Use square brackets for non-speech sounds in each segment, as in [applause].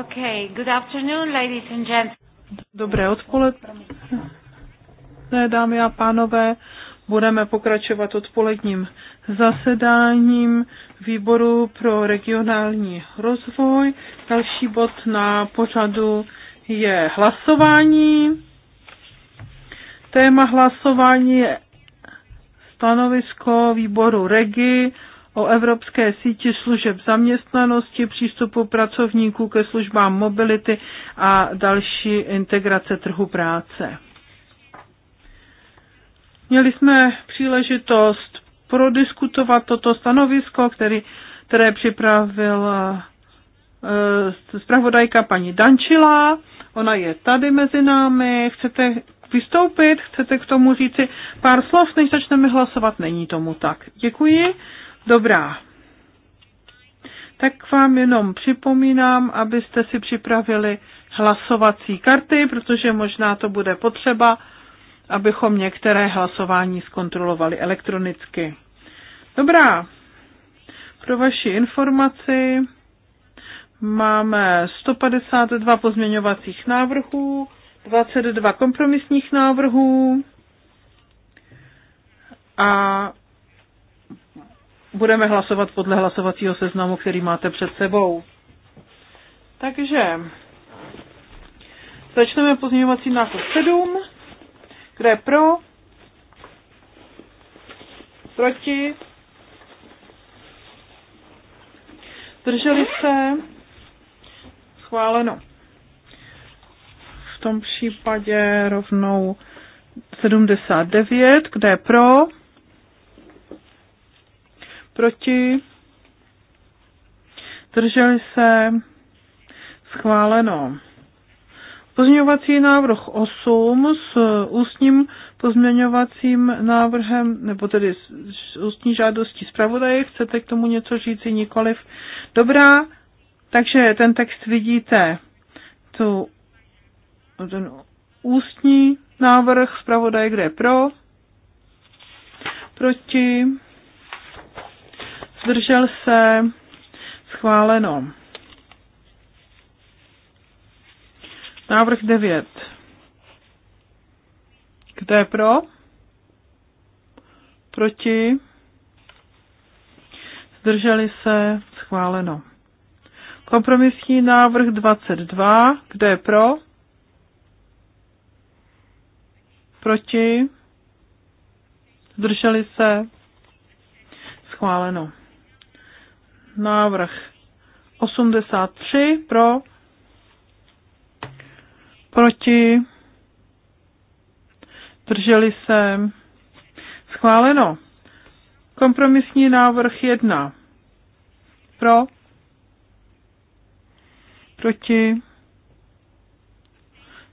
Okay, good afternoon, ladies and gents. Dobré odpoledne, dámy a pánové. Budeme pokračovat odpoledním zasedáním výboru pro regionální rozvoj. Další bod na pořadu je hlasování. Téma hlasování je stanovisko výboru REGI o Evropské síti služeb zaměstnanosti, přístupu pracovníků ke službám mobility a další integrace trhu práce. Měli jsme příležitost prodiskutovat toto stanovisko, který, které připravila e, zpravodajka paní Dančila. Ona je tady mezi námi. Chcete vystoupit? Chcete k tomu říci pár slov, než začneme hlasovat? Není tomu tak. Děkuji. Dobrá. Tak vám jenom připomínám, abyste si připravili hlasovací karty, protože možná to bude potřeba, abychom některé hlasování zkontrolovali elektronicky. Dobrá. Pro vaši informaci máme 152 pozměňovacích návrhů, 22 kompromisních návrhů a budeme hlasovat podle hlasovacího seznamu, který máte před sebou. Takže začneme pozměňovací návrh 7. kde je pro? Proti? Drželi se? Schváleno. V tom případě rovnou 79. kde je pro? proti, drželi se, schváleno. Pozměňovací návrh 8 s ústním pozměňovacím návrhem, nebo tedy s ústní žádostí zpravodaje. Chcete k tomu něco říci? Nikoliv. Dobrá, takže ten text vidíte. Tu, ten ústní návrh zpravodaje, kde je pro, proti, zdržel se, schváleno. Návrh 9. Kdo je pro? Proti? Zdrželi se? Schváleno. Kompromisní návrh 22. Kdo je pro? Proti? Zdrželi se? Schváleno návrh 83 pro, proti, drželi se, schváleno. Kompromisní návrh 1 pro, proti,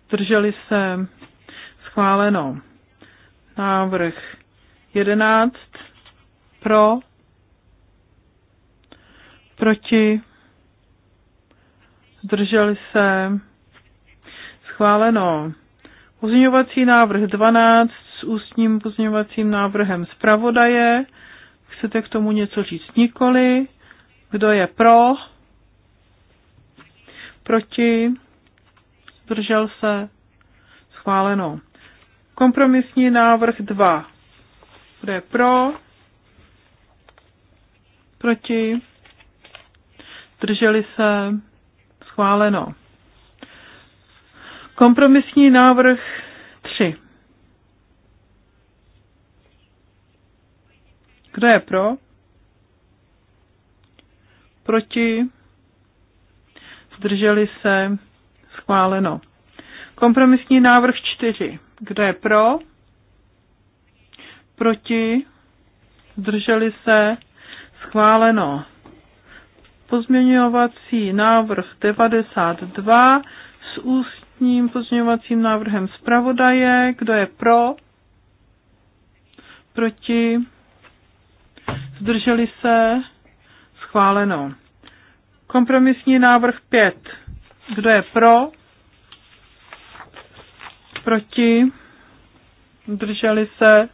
drželi se, schváleno. Návrh 11 pro, proti, zdrželi se, schváleno. Pozměňovací návrh 12 s ústním pozměňovacím návrhem zpravodaje. Chcete k tomu něco říct? Nikoli. Kdo je pro? Proti? Zdržel se? Schváleno. Kompromisní návrh 2. Kdo je pro? Proti? zdrželi se, schváleno. Kompromisní návrh 3. Kdo je pro? Proti? Zdrželi se? Schváleno. Kompromisní návrh 4. Kdo je pro? Proti? Zdrželi se? Schváleno pozměňovací návrh 92 s ústním pozměňovacím návrhem zpravodaje. Kdo je pro? Proti? Zdrželi se? Schváleno. Kompromisní návrh 5. Kdo je pro? Proti? Zdrželi se?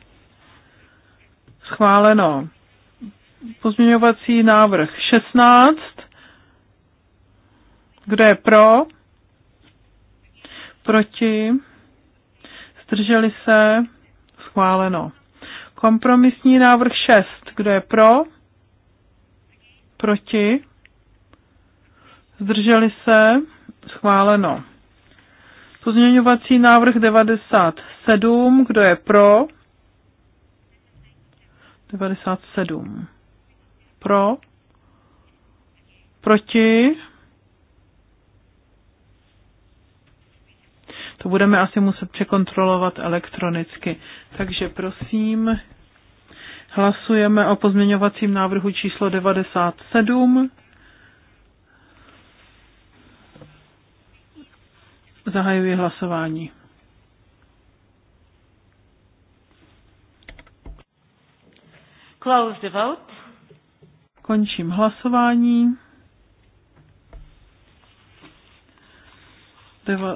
Schváleno pozměňovací návrh 16. Kdo je pro? Proti? Zdrželi se? Schváleno. Kompromisní návrh 6. Kdo je pro? Proti? Zdrželi se? Schváleno. Pozměňovací návrh 97. Kdo je pro? 97 pro, proti, to budeme asi muset překontrolovat elektronicky. Takže prosím, hlasujeme o pozměňovacím návrhu číslo 97. Zahajuji hlasování. Close the vote. Končím hlasování.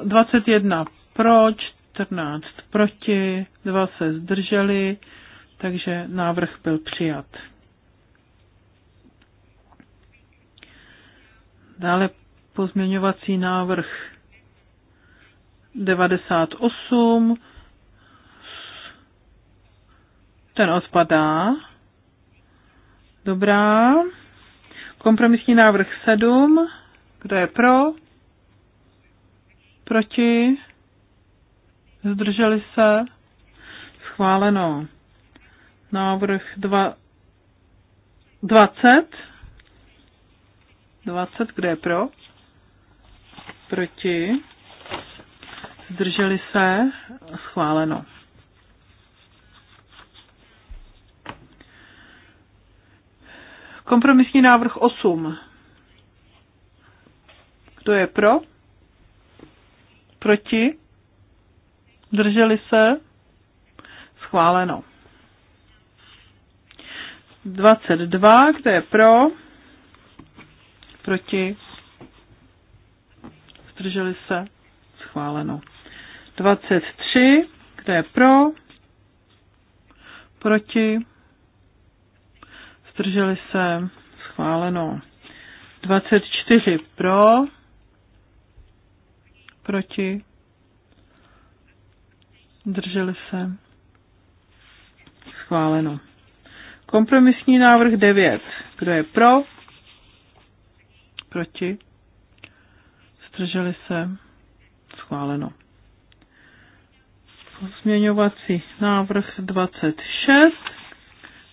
21 pro, 14 proti, 2 se zdrželi, takže návrh byl přijat. Dále pozměňovací návrh 98. Ten odpadá. Dobrá. Kompromisní návrh 7. Kdo je pro? Proti? Zdrželi se? Schváleno. Návrh 20. 20. Kdo je pro? Proti? Zdrželi se? Schváleno. Kompromisní návrh 8. Kdo je pro? Proti? Drželi se? Schváleno. 22, kdo je pro? Proti? Zdrželi se? Schváleno. 23, kdo je pro? Proti? zdrželi se, schváleno. 24 pro, proti, zdrželi se, schváleno. Kompromisní návrh 9. Kdo je pro? Proti? Zdrželi se? Schváleno. Pozměňovací návrh 26.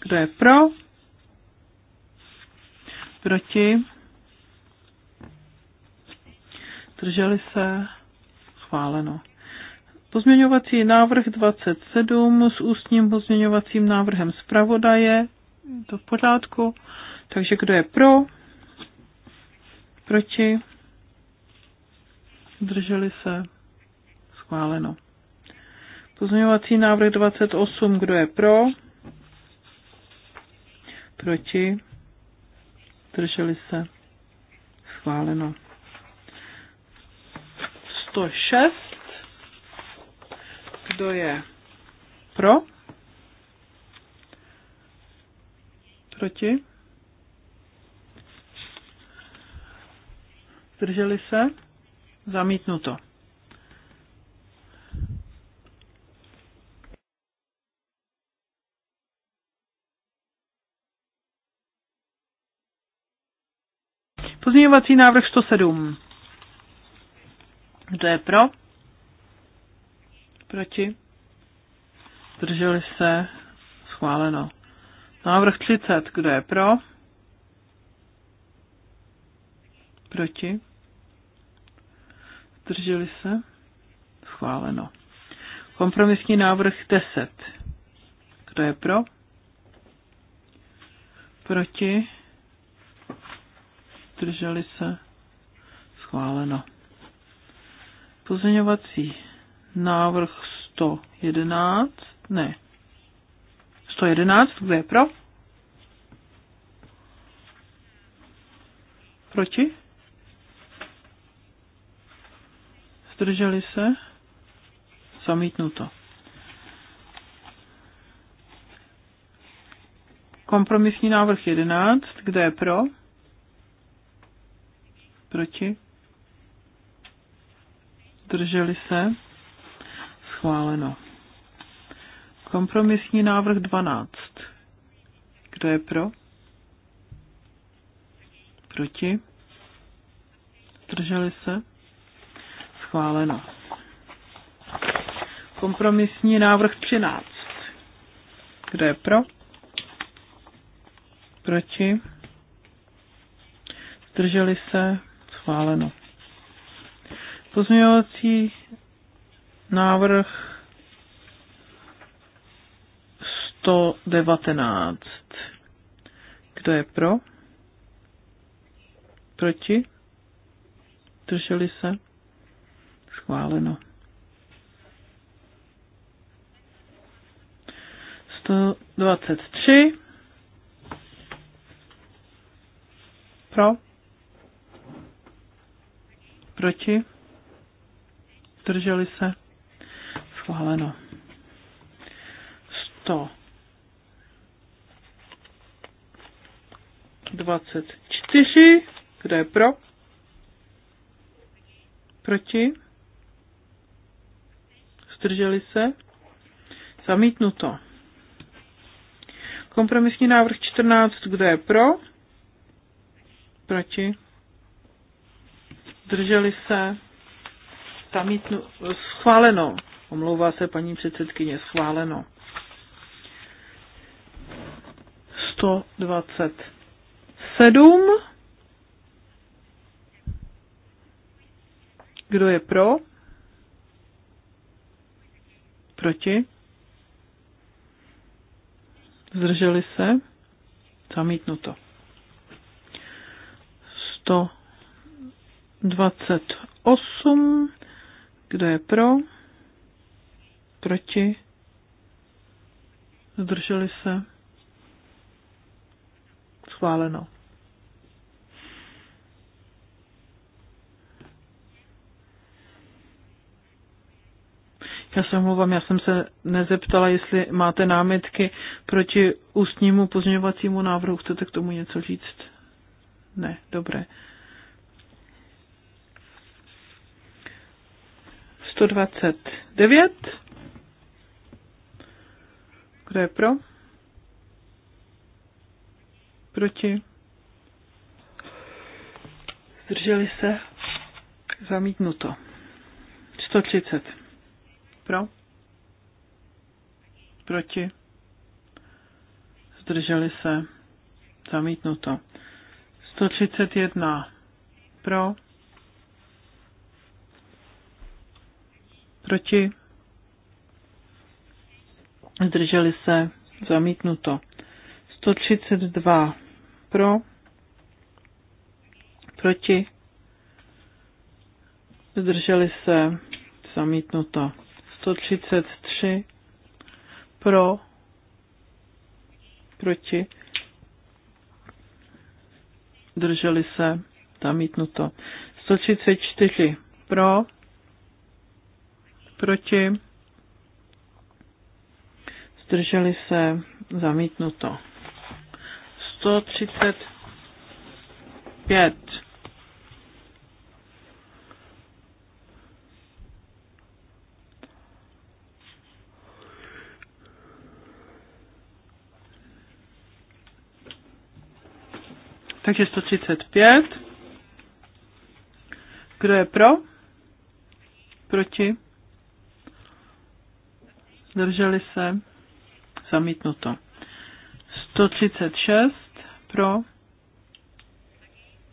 Kdo je pro? Proti? Drželi se? Schváleno. Pozměňovací návrh 27 s ústním pozměňovacím návrhem zpravodaje. To v pořádku. Takže kdo je pro? Proti? Drželi se? Schváleno. Pozměňovací návrh 28, kdo je pro? Proti? Drželi se. Schváleno. 106. Kdo je pro? Proti? Drželi se? Zamítnuto. Pozměňovací návrh 107. Kdo je pro? Proti? Drželi se? Schváleno. Návrh 30. Kdo je pro? Proti? Drželi se? Schváleno. Kompromisní návrh 10. Kdo je pro? Proti? zdrželi se, schváleno. Pozměňovací návrh 111, ne, 111, kdo je pro? Proti? Zdrželi se? Zamítnuto. Kompromisní návrh 11. Kdo je pro? Proti? Drželi se? Schváleno. Kompromisní návrh 12. Kdo je pro? Proti? Drželi se? Schváleno. Kompromisní návrh 13. Kdo je pro? Proti? Drželi se? schváleno. Pozměňovací návrh 119. Kdo je pro? Proti? Drželi se? Schváleno. 123. Pro? Proti? Zdrželi se? Schváleno. 100. 24. Kdo je pro? Proti? Zdrželi se? Zamítnuto. Kompromisní návrh 14. Kdo je pro? Proti? zdrželi se, zamítnu, schváleno, omlouvá se paní předsedkyně, schváleno. 127. Kdo je pro? Proti? Zdrželi se? Zamítnuto. 100. 28. Kdo je pro? Proti? Zdrželi se? Schváleno. Já se omlouvám, já jsem se nezeptala, jestli máte námitky proti ústnímu pozměňovacímu návrhu. Chcete k tomu něco říct? Ne, dobré. 129. Kdo je pro? Proti? Zdrželi se? Zamítnuto. 130. Pro? Proti? Zdrželi se? Zamítnuto. 131. Pro? Proti? Zdrželi se? Zamítnuto. 132 pro? Proti? Zdrželi se? Zamítnuto. 133 pro? Proti? Zdrželi se? Zamítnuto. 134 pro? proti, zdrželi se, zamítnuto. 135. Takže 135. Kdo je pro? Proti? zdrželi se, zamítnuto. 136 pro,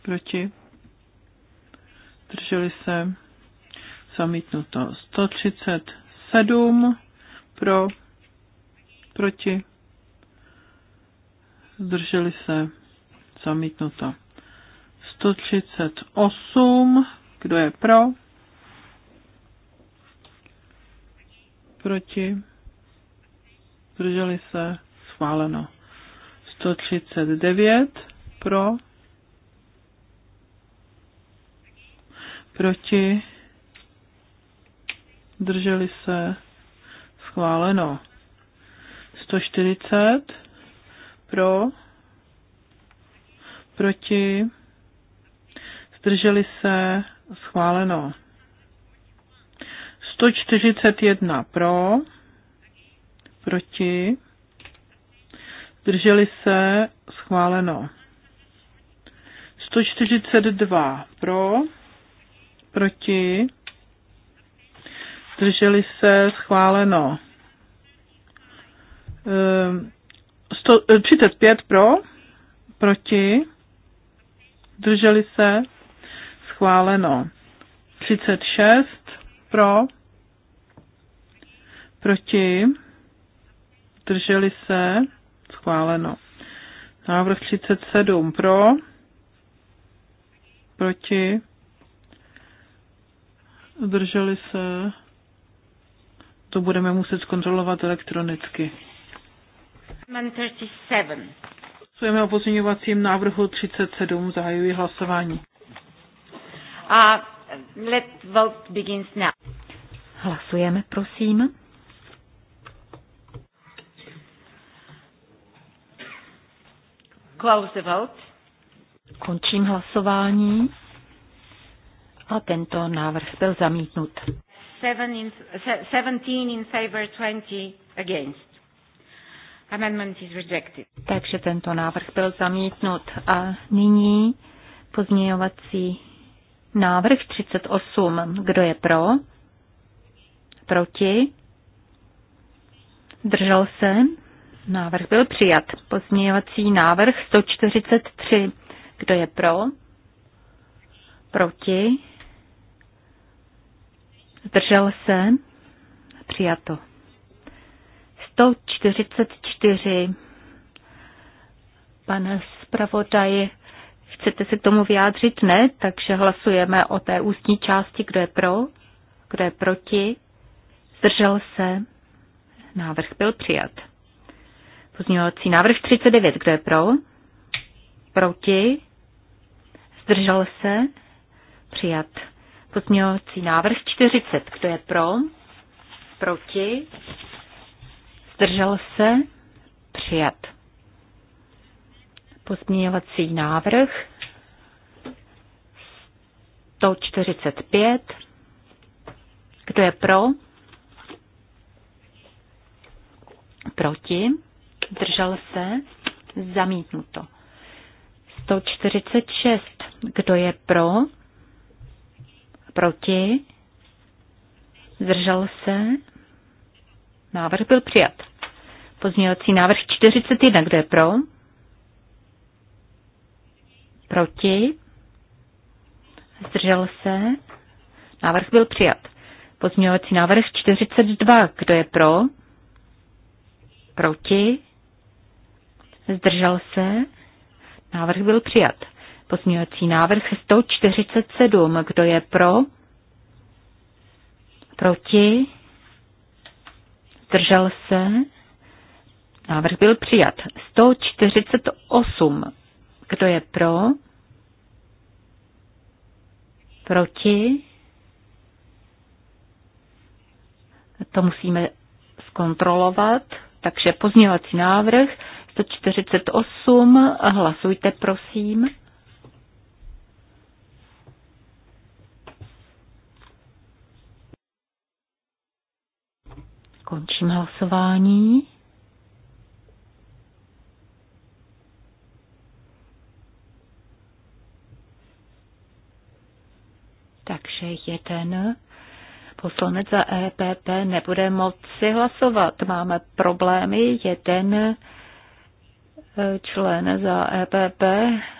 proti, zdrželi se, zamítnuto. 137 pro, proti, zdrželi se, zamítnuto. 138, kdo je pro, proti, zdrželi se, schváleno. 139 pro, proti, zdrželi se, schváleno. 140 pro, proti, zdrželi se, schváleno. 141 pro, proti, zdrželi se, schváleno. 142 pro, proti, zdrželi se, schváleno. 35 ehm, eh, pro, proti, zdrželi se, schváleno. 36 pro, Proti? Drželi se? Schváleno. Návrh 37 pro? Proti? Drželi se? To budeme muset zkontrolovat elektronicky. Hlasujeme o pozměňovacím návrhu 37. Zahajuji hlasování. Uh, let vote begins now. Hlasujeme, prosím. Close the vote. Končím hlasování. A tento návrh byl zamítnut. 17 in favor, 20 against. Amendment is rejected. Takže tento návrh byl zamítnut. A nyní pozměňovací návrh 38. Kdo je pro? Proti? Držel se? Návrh byl přijat. Pozměňovací návrh 143. Kdo je pro? Proti? Zdržel se? Přijato. 144. Pane zpravodaji, chcete se k tomu vyjádřit? Ne, takže hlasujeme o té ústní části, kdo je pro, kdo je proti. Zdržel se? Návrh byl přijat. Pozměňovací návrh 39. Kdo je pro? Proti? Zdržel se? Přijat. Pozměňovací návrh 40. Kdo je pro? Proti? Zdržel se? Přijat. Pozměňovací návrh 145. Kdo je pro? Proti? zdržel se, zamítnuto. 146, kdo je pro, proti, zdržel se, návrh byl přijat. Pozměňovací návrh 41, kdo je pro, proti, zdržel se, návrh byl přijat. Pozměňovací návrh 42, kdo je pro, proti, zdržel se, návrh byl přijat. Pozměňovací návrh 147, kdo je pro, proti, zdržel se, návrh byl přijat. 148, kdo je pro, proti, to musíme zkontrolovat, takže pozměňovací návrh 148. Hlasujte, prosím. Končím hlasování. Takže jeden poslanec za EPP nebude moci hlasovat. Máme problémy. Jeden člen za EPP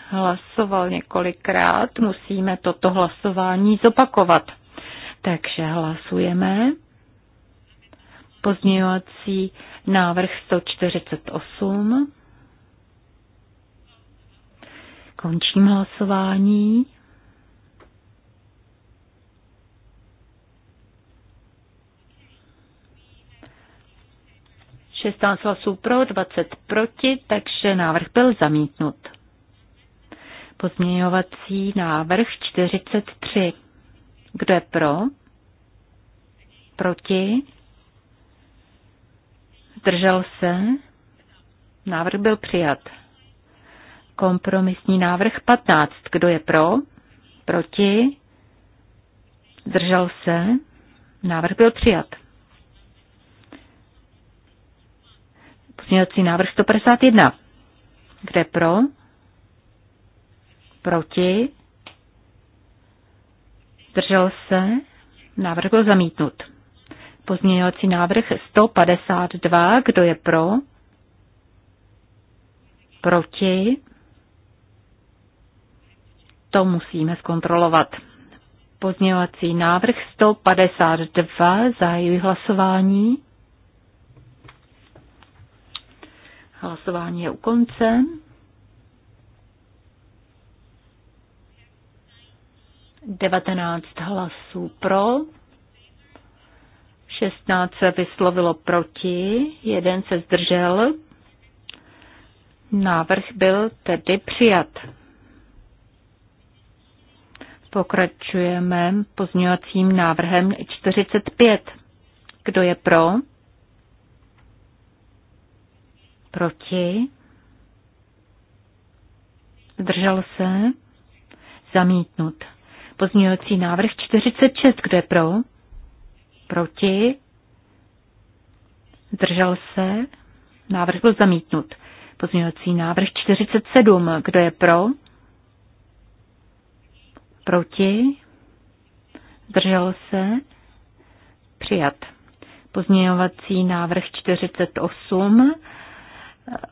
hlasoval několikrát, musíme toto hlasování zopakovat. Takže hlasujeme. Pozměňovací návrh 148. Končím hlasování. 16 hlasů pro, 20 proti, takže návrh byl zamítnut. Pozměňovací návrh 43. Kdo je pro? Proti? Zdržel se? Návrh byl přijat. Kompromisní návrh 15. Kdo je pro? Proti? Zdržel se? Návrh byl přijat. Pozměňovací návrh 151. Kde pro? Proti? Držel se? Návrh byl zamítnut. Pozměňovací návrh 152. Kdo je pro? Proti? To musíme zkontrolovat. Pozměňovací návrh 152. Zahajuji hlasování. Hlasování je u konce. Devatenáct hlasů pro, 16 se vyslovilo proti, jeden se zdržel. Návrh byl tedy přijat. Pokračujeme pozměňovacím návrhem 45. Kdo je pro? Proti? Zdržel se? Zamítnut. Pozměňovací návrh 46. Kdo je pro? Proti? Zdržel se? Návrh byl zamítnut. Pozměňovací návrh 47. Kdo je pro? Proti? Zdržel se? Přijat. Pozměňovací návrh 48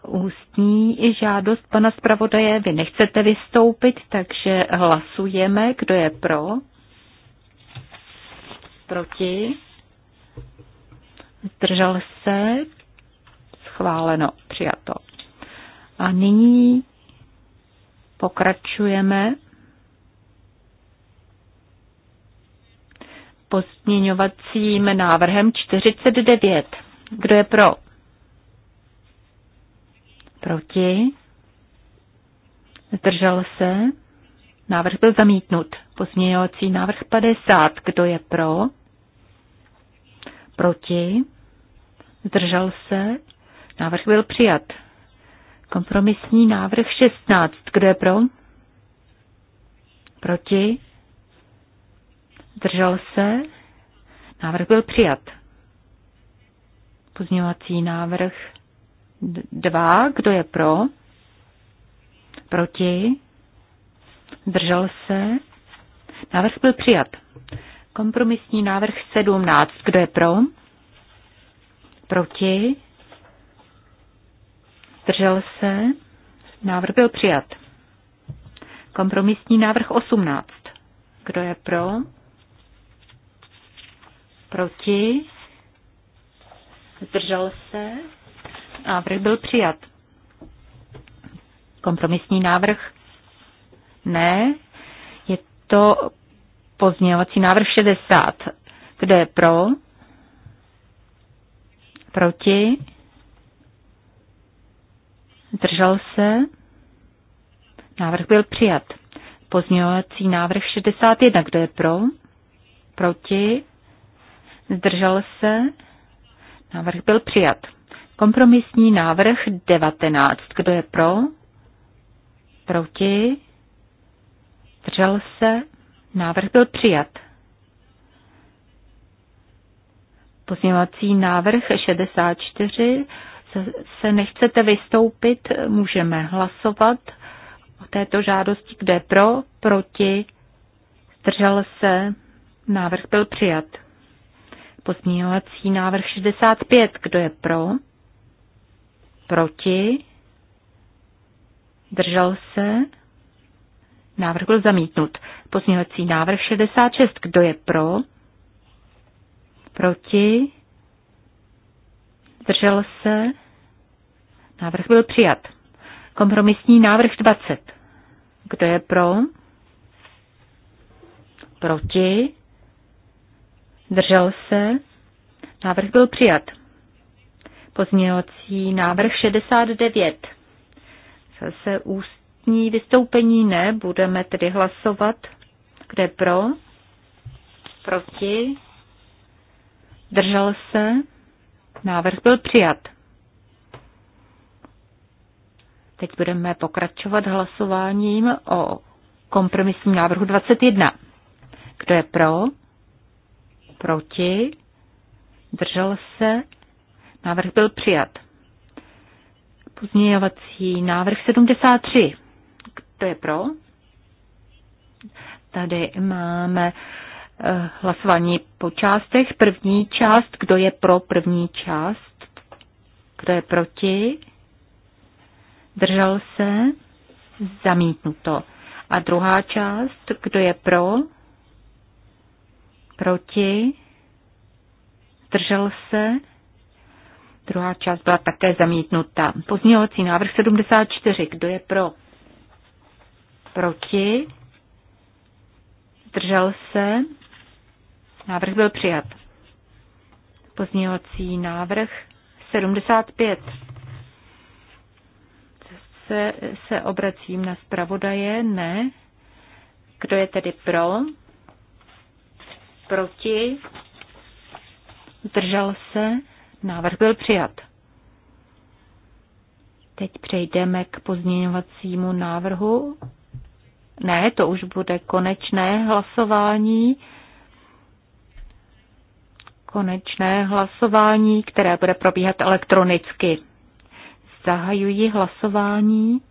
ústní žádost pana zpravodaje. Vy nechcete vystoupit, takže hlasujeme, kdo je pro. Proti. Zdržel se. Schváleno. Přijato. A nyní pokračujeme. Pozměňovacím návrhem 49. Kdo je pro? Proti? Zdržel se? Návrh byl zamítnut. Pozměňovací návrh 50. Kdo je pro? Proti? Zdržel se? Návrh byl přijat. Kompromisní návrh 16. Kdo je pro? Proti? Zdržel se? Návrh byl přijat. Pozměňovací návrh dva, Kdo je pro? Proti? Zdržel se? Návrh byl přijat. Kompromisní návrh 17. Kdo je pro? Proti? Zdržel se? Návrh byl přijat. Kompromisní návrh 18. Kdo je pro? Proti? Zdržel se? Návrh byl přijat. Kompromisní návrh? Ne. Je to pozměňovací návrh 60. Kdo je pro? Proti? Držel se? Návrh byl přijat. Pozměňovací návrh 61. Kdo je pro? Proti? Zdržel se? Návrh byl přijat. Kompromisní návrh 19. Kdo je pro? Proti? Držel se? Návrh byl přijat. Pozměňovací návrh 64. Se nechcete vystoupit, můžeme hlasovat o této žádosti, kde pro, proti, zdržel se, návrh byl přijat. Pozměňovací návrh 65. Kdo je pro? proti, držel se, návrh byl zamítnut. Pozměňovací návrh 66, kdo je pro, proti, držel se, návrh byl přijat. Kompromisní návrh 20, kdo je pro, proti, držel se, návrh byl přijat. Pozměňovací návrh 69. Zase ústní vystoupení ne, budeme tedy hlasovat. Kde pro? Proti? Držel se? Návrh byl přijat. Teď budeme pokračovat hlasováním o kompromisním návrhu 21. Kdo je pro? Proti? Držel se? Návrh byl přijat. Pozměňovací návrh 73. Kdo je pro? Tady máme eh, hlasování po částech. První část, kdo je pro první část? Kdo je proti? Držel se? Zamítnuto. A druhá část, kdo je pro? Proti? Držel se? Druhá část byla také zamítnuta. Pozměňovací návrh 74. Kdo je pro? Proti? Zdržel se? Návrh byl přijat. Pozměňovací návrh 75. Se, se obracím na zpravodaje. Ne. Kdo je tedy pro? Proti? Zdržel se? Návrh byl přijat. Teď přejdeme k pozměňovacímu návrhu. Ne, to už bude konečné hlasování. Konečné hlasování, které bude probíhat elektronicky. Zahajuji hlasování.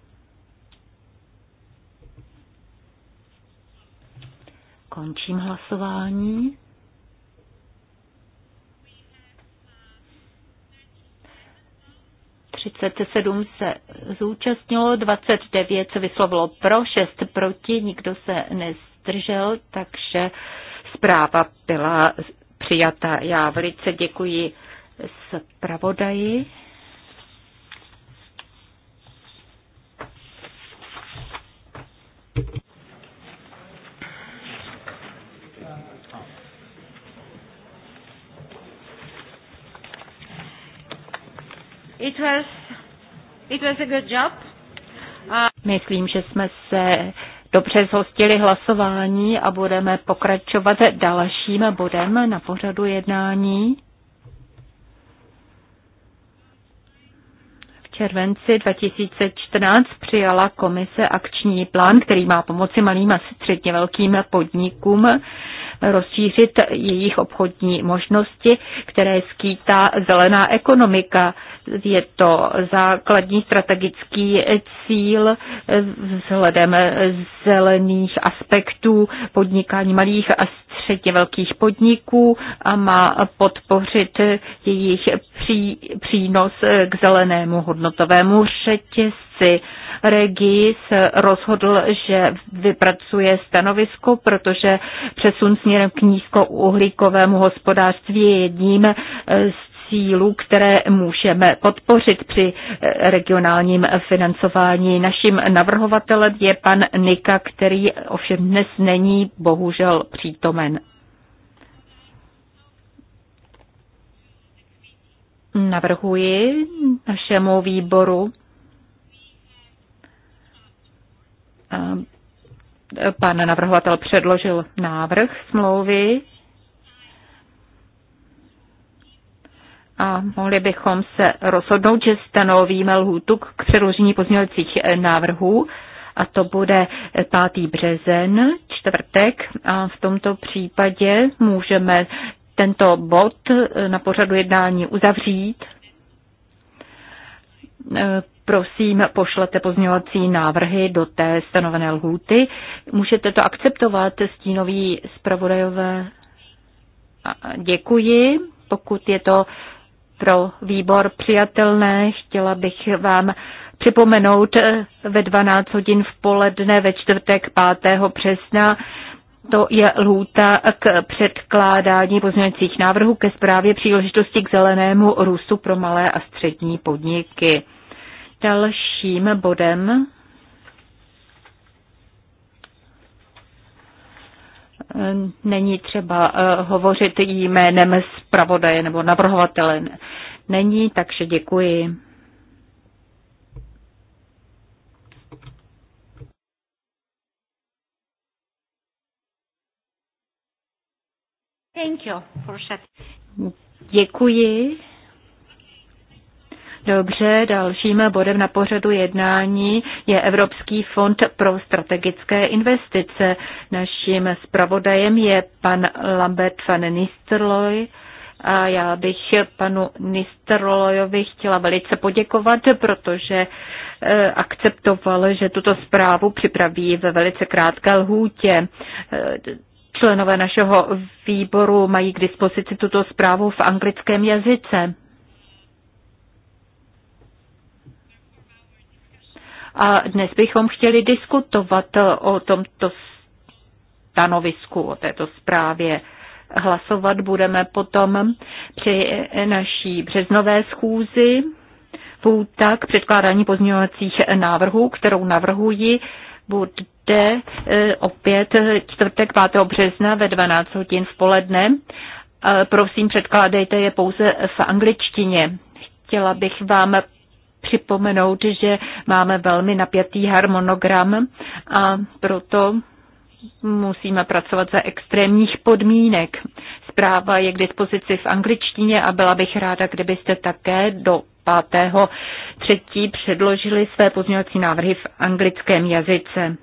Končím hlasování. 37 se zúčastnilo, 29 se vyslovilo pro, 6 proti, nikdo se nestržel, takže zpráva byla přijata. Já velice děkuji zpravodaji. It was, it was a good job. Uh, Myslím, že jsme se dobře zhostili hlasování a budeme pokračovat dalším bodem na pořadu jednání. V červenci 2014 přijala komise akční plán, který má pomoci malým a středně velkým podnikům rozšířit jejich obchodní možnosti, které skýtá zelená ekonomika. Je to základní strategický cíl vzhledem zelených aspektů podnikání malých a středně velkých podniků a má podpořit jejich pří, přínos k zelenému hodnotovému řetězci. Regis rozhodl, že vypracuje stanovisko, protože přesun směrem k nízkouhlíkovému hospodářství je jedním z cílů, které můžeme podpořit při eh, regionálním financování. Naším navrhovatelem je pan Nika, který ovšem dnes není bohužel přítomen. Navrhuji našemu výboru, eh, pan navrhovatel předložil návrh smlouvy a mohli bychom se rozhodnout, že stanovíme lhůtu k předložení pozměňovacích eh, návrhů a to bude 5. Eh, březen, čtvrtek a v tomto případě můžeme tento bod eh, na pořadu jednání uzavřít. Prosím, pošlete pozměňovací návrhy do té stanovené lhůty. Můžete to akceptovat, stínoví zpravodajové? Děkuji. Pokud je to pro výbor přijatelné. Chtěla bych vám připomenout eh, ve 12 hodin v poledne ve čtvrtek 5. března. To je lhůta k předkládání pozměňujících návrhů ke zprávě příležitosti k zelenému růstu pro malé a střední podniky. Dalším bodem Není třeba eh, hovořit jménem zpravodaje nebo navrhovatele. Není, takže děkuji. Thank you for Děkuji Dobře, dalším bodem na pořadu jednání je Evropský fond pro strategické investice. Naším zpravodajem je pan Lambert van Nistelrooy. A já bych panu Nisterlojovi chtěla velice poděkovat, protože eh, akceptoval, že tuto zprávu připraví ve velice krátké lhůtě. Eh, členové našeho výboru mají k dispozici tuto zprávu v anglickém jazyce. A dnes bychom chtěli diskutovat eh, o tomto stanovisku, o této zprávě. Hlasovat budeme potom při naší březnové schůzi. tak předkládání pozměňovacích návrhů, kterou navrhuji, bude eh, opět čtvrtek 5. března ve 12 hodin v poledne. Eh, prosím, předkládejte je pouze v angličtině. Chtěla bych vám připomenout, že máme velmi napjatý harmonogram a proto musíme pracovat za extrémních podmínek. Zpráva je k dispozici v angličtině a byla bych ráda, kdybyste také do 5. třetí předložili své pozměňovací návrhy v anglickém jazyce.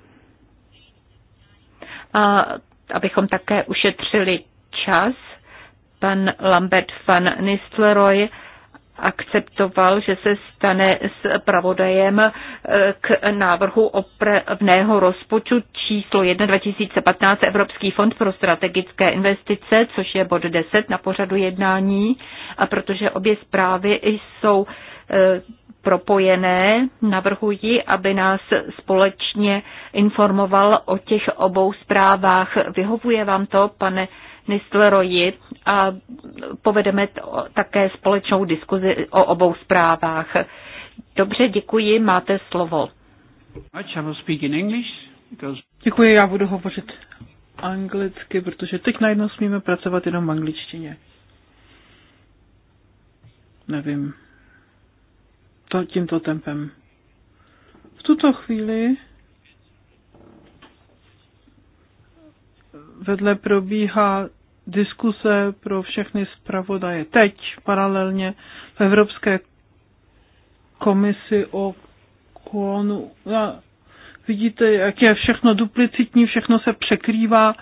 A abychom také ušetřili čas, pan Lambert van Nistleroy akceptoval, že se stane s pravodajem eh, k návrhu opravného rozpočtu číslo 1 2015 Evropský fond pro strategické investice, což je bod 10 na pořadu jednání. A protože obě zprávy jsou eh, propojené, navrhuji, aby nás společně informoval o těch obou zprávách. Vyhovuje vám to, pane Nistleroji? a povedeme také společnou diskuzi o obou zprávách. Dobře, děkuji, máte slovo. Děkuji, já budu hovořit anglicky, protože teď najednou smíme pracovat jenom v angličtině. Nevím. To, tímto tempem. V tuto chvíli vedle probíhá diskuse pro všechny zpravodaje teď paralelně v Evropské komisi o klonu. A vidíte, jak je všechno duplicitní, všechno se překrývá.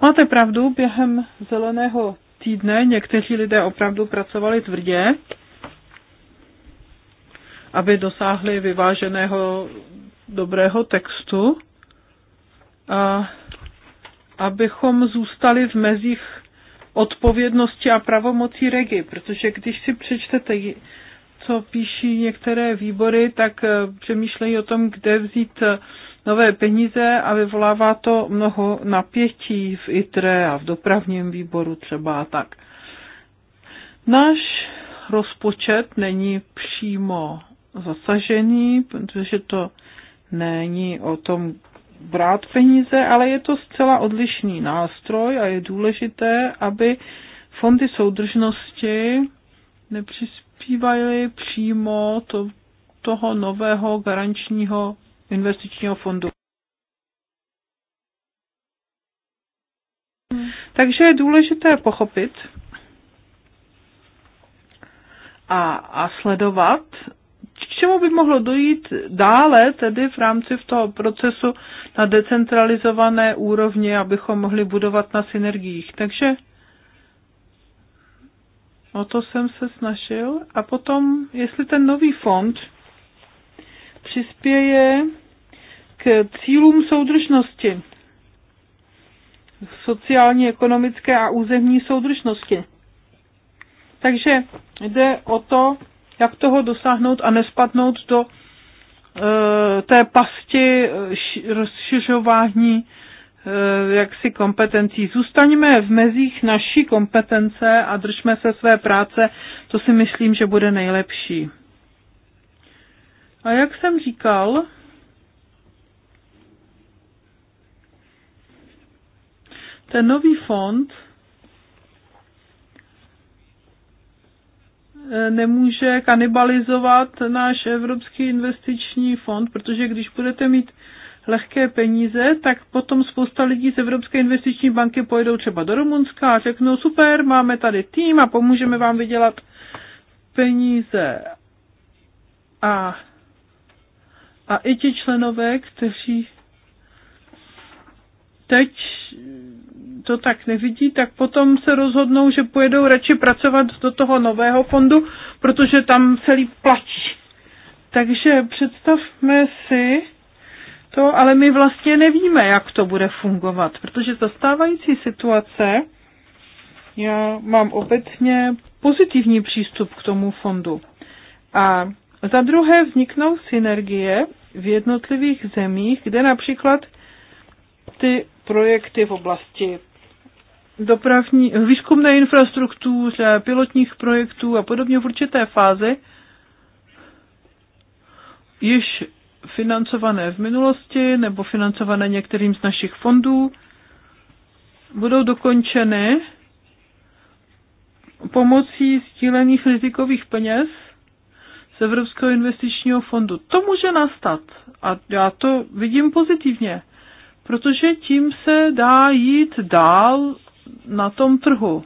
Máte pravdu, během zeleného týdne někteří lidé opravdu pracovali tvrdě, aby dosáhli vyváženého dobrého textu. A abychom zůstali v mezích odpovědnosti a pravomocí regi, protože když si přečtete, co píší některé výbory, tak eh, přemýšlejí o tom, kde vzít eh, nové peníze a vyvolává to mnoho napětí v ITRE a v dopravním výboru třeba a tak. Náš rozpočet není přímo zasažený, protože to není o tom, brát peníze, ale je to zcela odlišný nástroj a je důležité, aby fondy soudržnosti nepřispívaly přímo to, toho nového garančního investičního fondu. Takže je důležité pochopit a, a sledovat k čemu by mohlo dojít dále, tedy v rámci v toho procesu na decentralizované úrovni, abychom mohli budovat na synergiích. Takže o to jsem se snažil. A potom, jestli ten nový fond přispěje k cílům soudržnosti, sociální, ekonomické a územní soudržnosti. Takže jde o to, jak toho dosáhnout a nespadnout do e, té pasti e, rozšiřování e, jaksi kompetencí. Zůstaňme v mezích naší kompetence a držme se své práce, to si myslím, že bude nejlepší. A jak jsem říkal, ten nový fond nemůže kanibalizovat náš Evropský investiční fond, protože když budete mít lehké peníze, tak potom spousta lidí z Evropské investiční banky pojedou třeba do Rumunska a řeknou, super, máme tady tým a pomůžeme vám vydělat peníze. A, a i ti členové, kteří teď to tak nevidí, tak potom se rozhodnou, že pojedou radši pracovat do toho nového fondu, protože tam celý platí. Takže představme si to, ale my vlastně nevíme, jak to bude fungovat, protože ta stávající situace, já mám obecně pozitivní přístup k tomu fondu. A za druhé vzniknou synergie v jednotlivých zemích, kde například ty projekty v oblasti dopravní, výzkumné infrastruktuře, pilotních projektů a podobně v určité fázi, již financované v minulosti nebo financované některým z našich fondů, budou dokončeny pomocí sdílených rizikových peněz z Evropského investičního fondu. To může nastat a já to vidím pozitivně, protože tím se dá jít dál na tom trhu.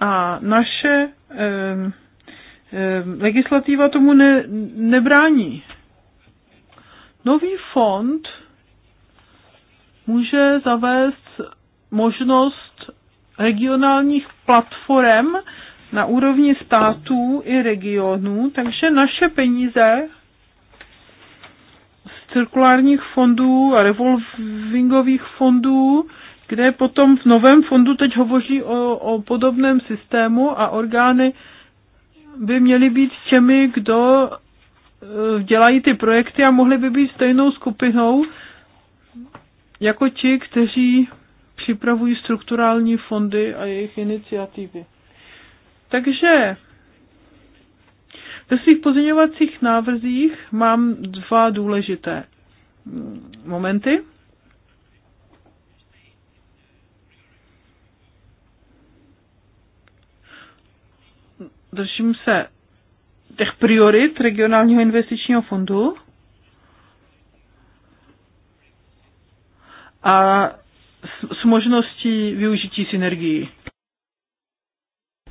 A naše legislativa tomu ne, nebrání. Nový fond může zavést možnost regionálních platform na úrovni států i regionů, takže naše peníze cirkulárních fondů a revolvingových fondů, kde potom v novém fondu teď hovoří o, o podobném systému a orgány by měly být těmi, kdo eh, dělají ty projekty a mohli by být stejnou skupinou jako ti, kteří připravují strukturální fondy a jejich iniciativy. Takže ve svých pozměňovacích návrzích mám dva důležité momenty. Držím se těch priorit regionálního investičního fondu a s, s možností využití synergií.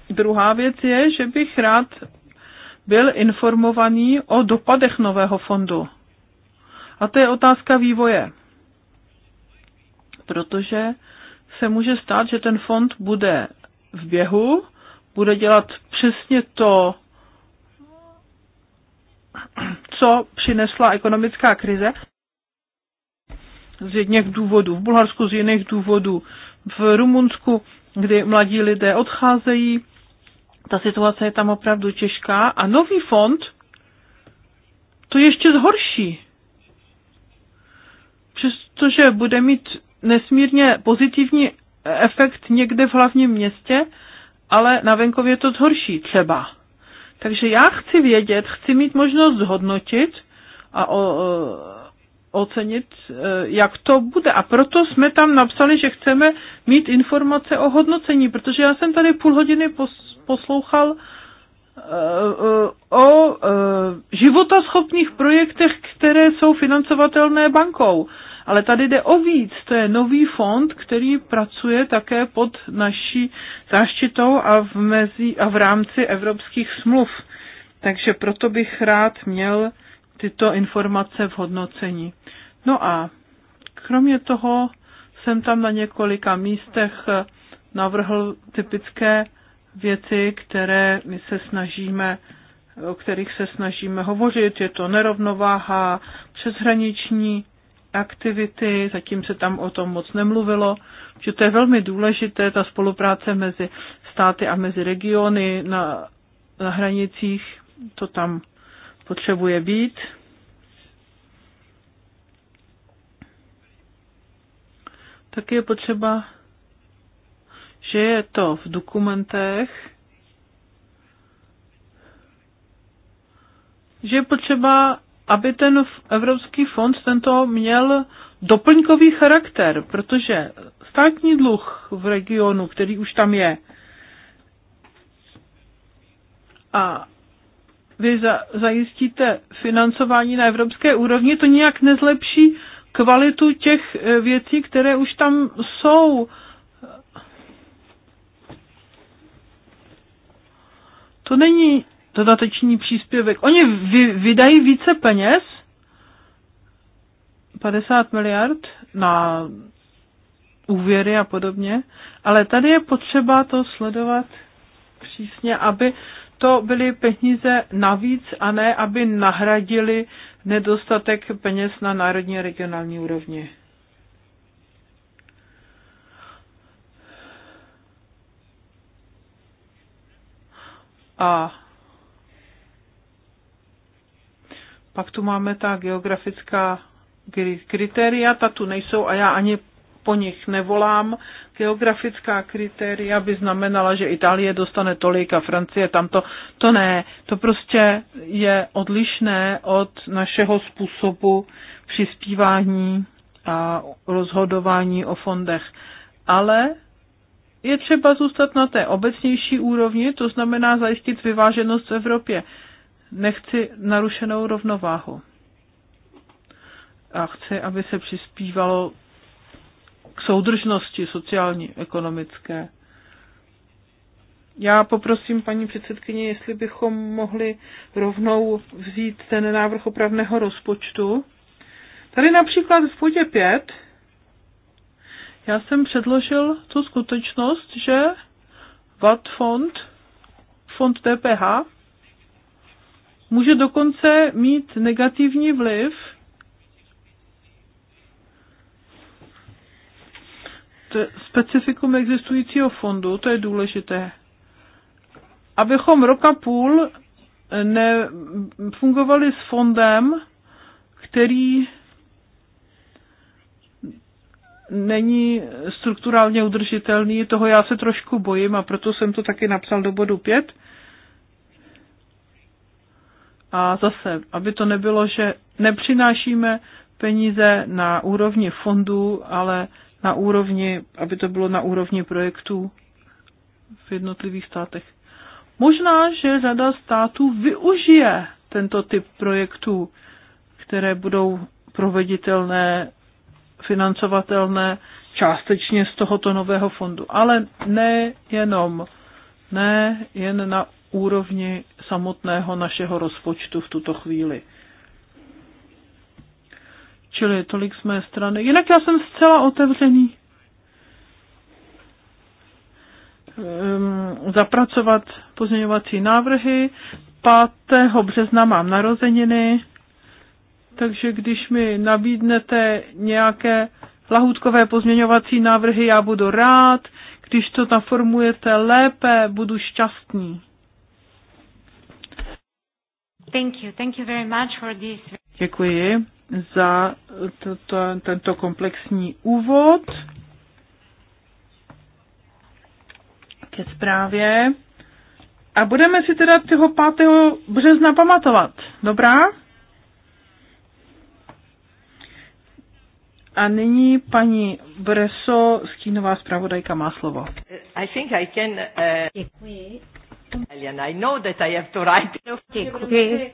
Druhá věc je, že bych rád byl informovaný o dopadech nového fondu. A to je otázka vývoje. Protože se může stát, že ten fond bude v běhu, bude dělat přesně to, co přinesla ekonomická krize z jedných důvodů, v Bulharsku z jiných důvodů, v Rumunsku, kdy mladí lidé odcházejí ta situace je tam opravdu těžká a nový fond to ještě zhorší. Přestože bude mít nesmírně pozitivní efekt někde v hlavním městě, ale na venkově to zhorší třeba. Takže já chci vědět, chci mít možnost zhodnotit a o, o, ocenit, e, jak to bude. A proto jsme tam napsali, že chceme mít informace o hodnocení, protože já jsem tady půl hodiny pos, poslouchal eh, eh, o eh, životaschopných projektech, které jsou financovatelné bankou. Ale tady jde o víc. To je nový fond, který pracuje také pod naší záštitou a v, mezi, a v rámci evropských smluv. Takže proto bych rád měl tyto informace v hodnocení. No a kromě toho jsem tam na několika místech navrhl typické věci, které my se snažíme, o kterých se snažíme hovořit. Je to nerovnováha, přeshraniční aktivity, zatím se tam o tom moc nemluvilo, že to je velmi důležité, ta spolupráce mezi státy a mezi regiony na, na hranicích, to tam potřebuje být. Tak je potřeba že je to v dokumentech, že je potřeba, aby ten Evropský fond tento měl doplňkový charakter, protože státní dluh v regionu, který už tam je, a vy za, zajistíte financování na evropské úrovni, to nijak nezlepší kvalitu těch eh, věcí, které už tam jsou. To není dodatečný příspěvek. Oni vy, vydají více peněz, 50 miliard na úvěry a podobně, ale tady je potřeba to sledovat přísně, aby to byly peníze navíc a ne, aby nahradili nedostatek peněz na národní a regionální úrovni. A pak tu máme ta geografická kritéria, ta tu nejsou a já ani po nich nevolám. Geografická kritéria by znamenala, že Itálie dostane tolik a Francie tamto. To ne, to prostě je odlišné od našeho způsobu přispívání a rozhodování o fondech. Ale je třeba zůstat na té obecnější úrovni, to znamená zajistit vyváženost v Evropě. Nechci narušenou rovnováhu. A chci, aby se přispívalo k soudržnosti sociální, ekonomické. Já poprosím paní předsedkyně, jestli bychom mohli rovnou vzít ten návrh opravného rozpočtu. Tady například v bodě 5 já jsem předložil tu skutečnost, že VAT fond, fond DPH, může dokonce mít negativní vliv specifikum existujícího fondu, to je důležité. Abychom roka půl nefungovali s fondem, který není strukturálně udržitelný, toho já se trošku bojím a proto jsem to taky napsal do bodu 5. A zase, aby to nebylo, že nepřinášíme peníze na úrovni fondů, ale na úrovni, aby to bylo na úrovni projektů v jednotlivých státech. Možná, že řada států využije tento typ projektů, které budou proveditelné financovatelné částečně z tohoto nového fondu. Ale ne jenom, ne jen na úrovni samotného našeho rozpočtu v tuto chvíli. Čili tolik z mé strany. Jinak já jsem zcela otevřený. Um, zapracovat pozměňovací návrhy. 5. března mám narozeniny takže když mi nabídnete nějaké lahůdkové pozměňovací návrhy, já budu rád, když to naformujete lépe, budu šťastný. Thank you. Thank you very much for this. Děkuji za to, tento komplexní úvod ke zprávě. A budeme si teda toho 5. března pamatovat. Dobrá? A nyní paní Breso, stínová zpravodajka, má slovo. I think I can, uh... Děkuji. I know that I have to write. Děkuji.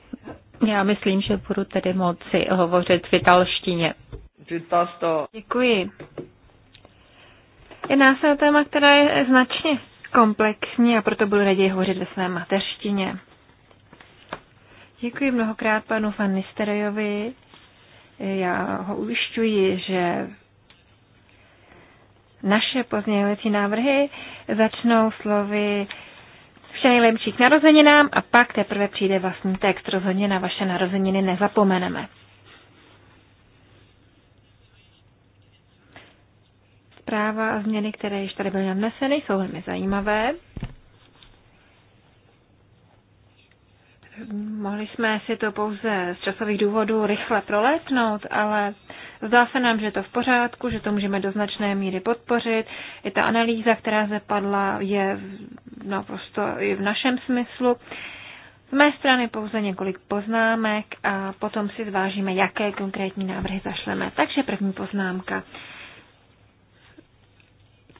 Já myslím, že budu tedy moci hovořit v italštině. Děkuji. Jedná se o téma, které je značně komplexní a proto budu raději hovořit ve své mateřštině. Děkuji mnohokrát panu Van Nisterojovi já ho ujišťuji, že naše pozměňovací návrhy začnou slovy vše nejlepší k narozeninám a pak teprve přijde vlastní text. Rozhodně na vaše narozeniny nezapomeneme. Zpráva a změny, které již tady byly nadneseny, jsou velmi zajímavé. Mohli jsme si to pouze z časových důvodů rychle proletnout, ale zdá se nám, že to v pořádku, že to můžeme do značné míry podpořit. I ta analýza, která zepadla, padla, je naprosto i v našem smyslu. Z mé strany pouze několik poznámek a potom si zvážíme, jaké konkrétní návrhy zašleme. Takže první poznámka.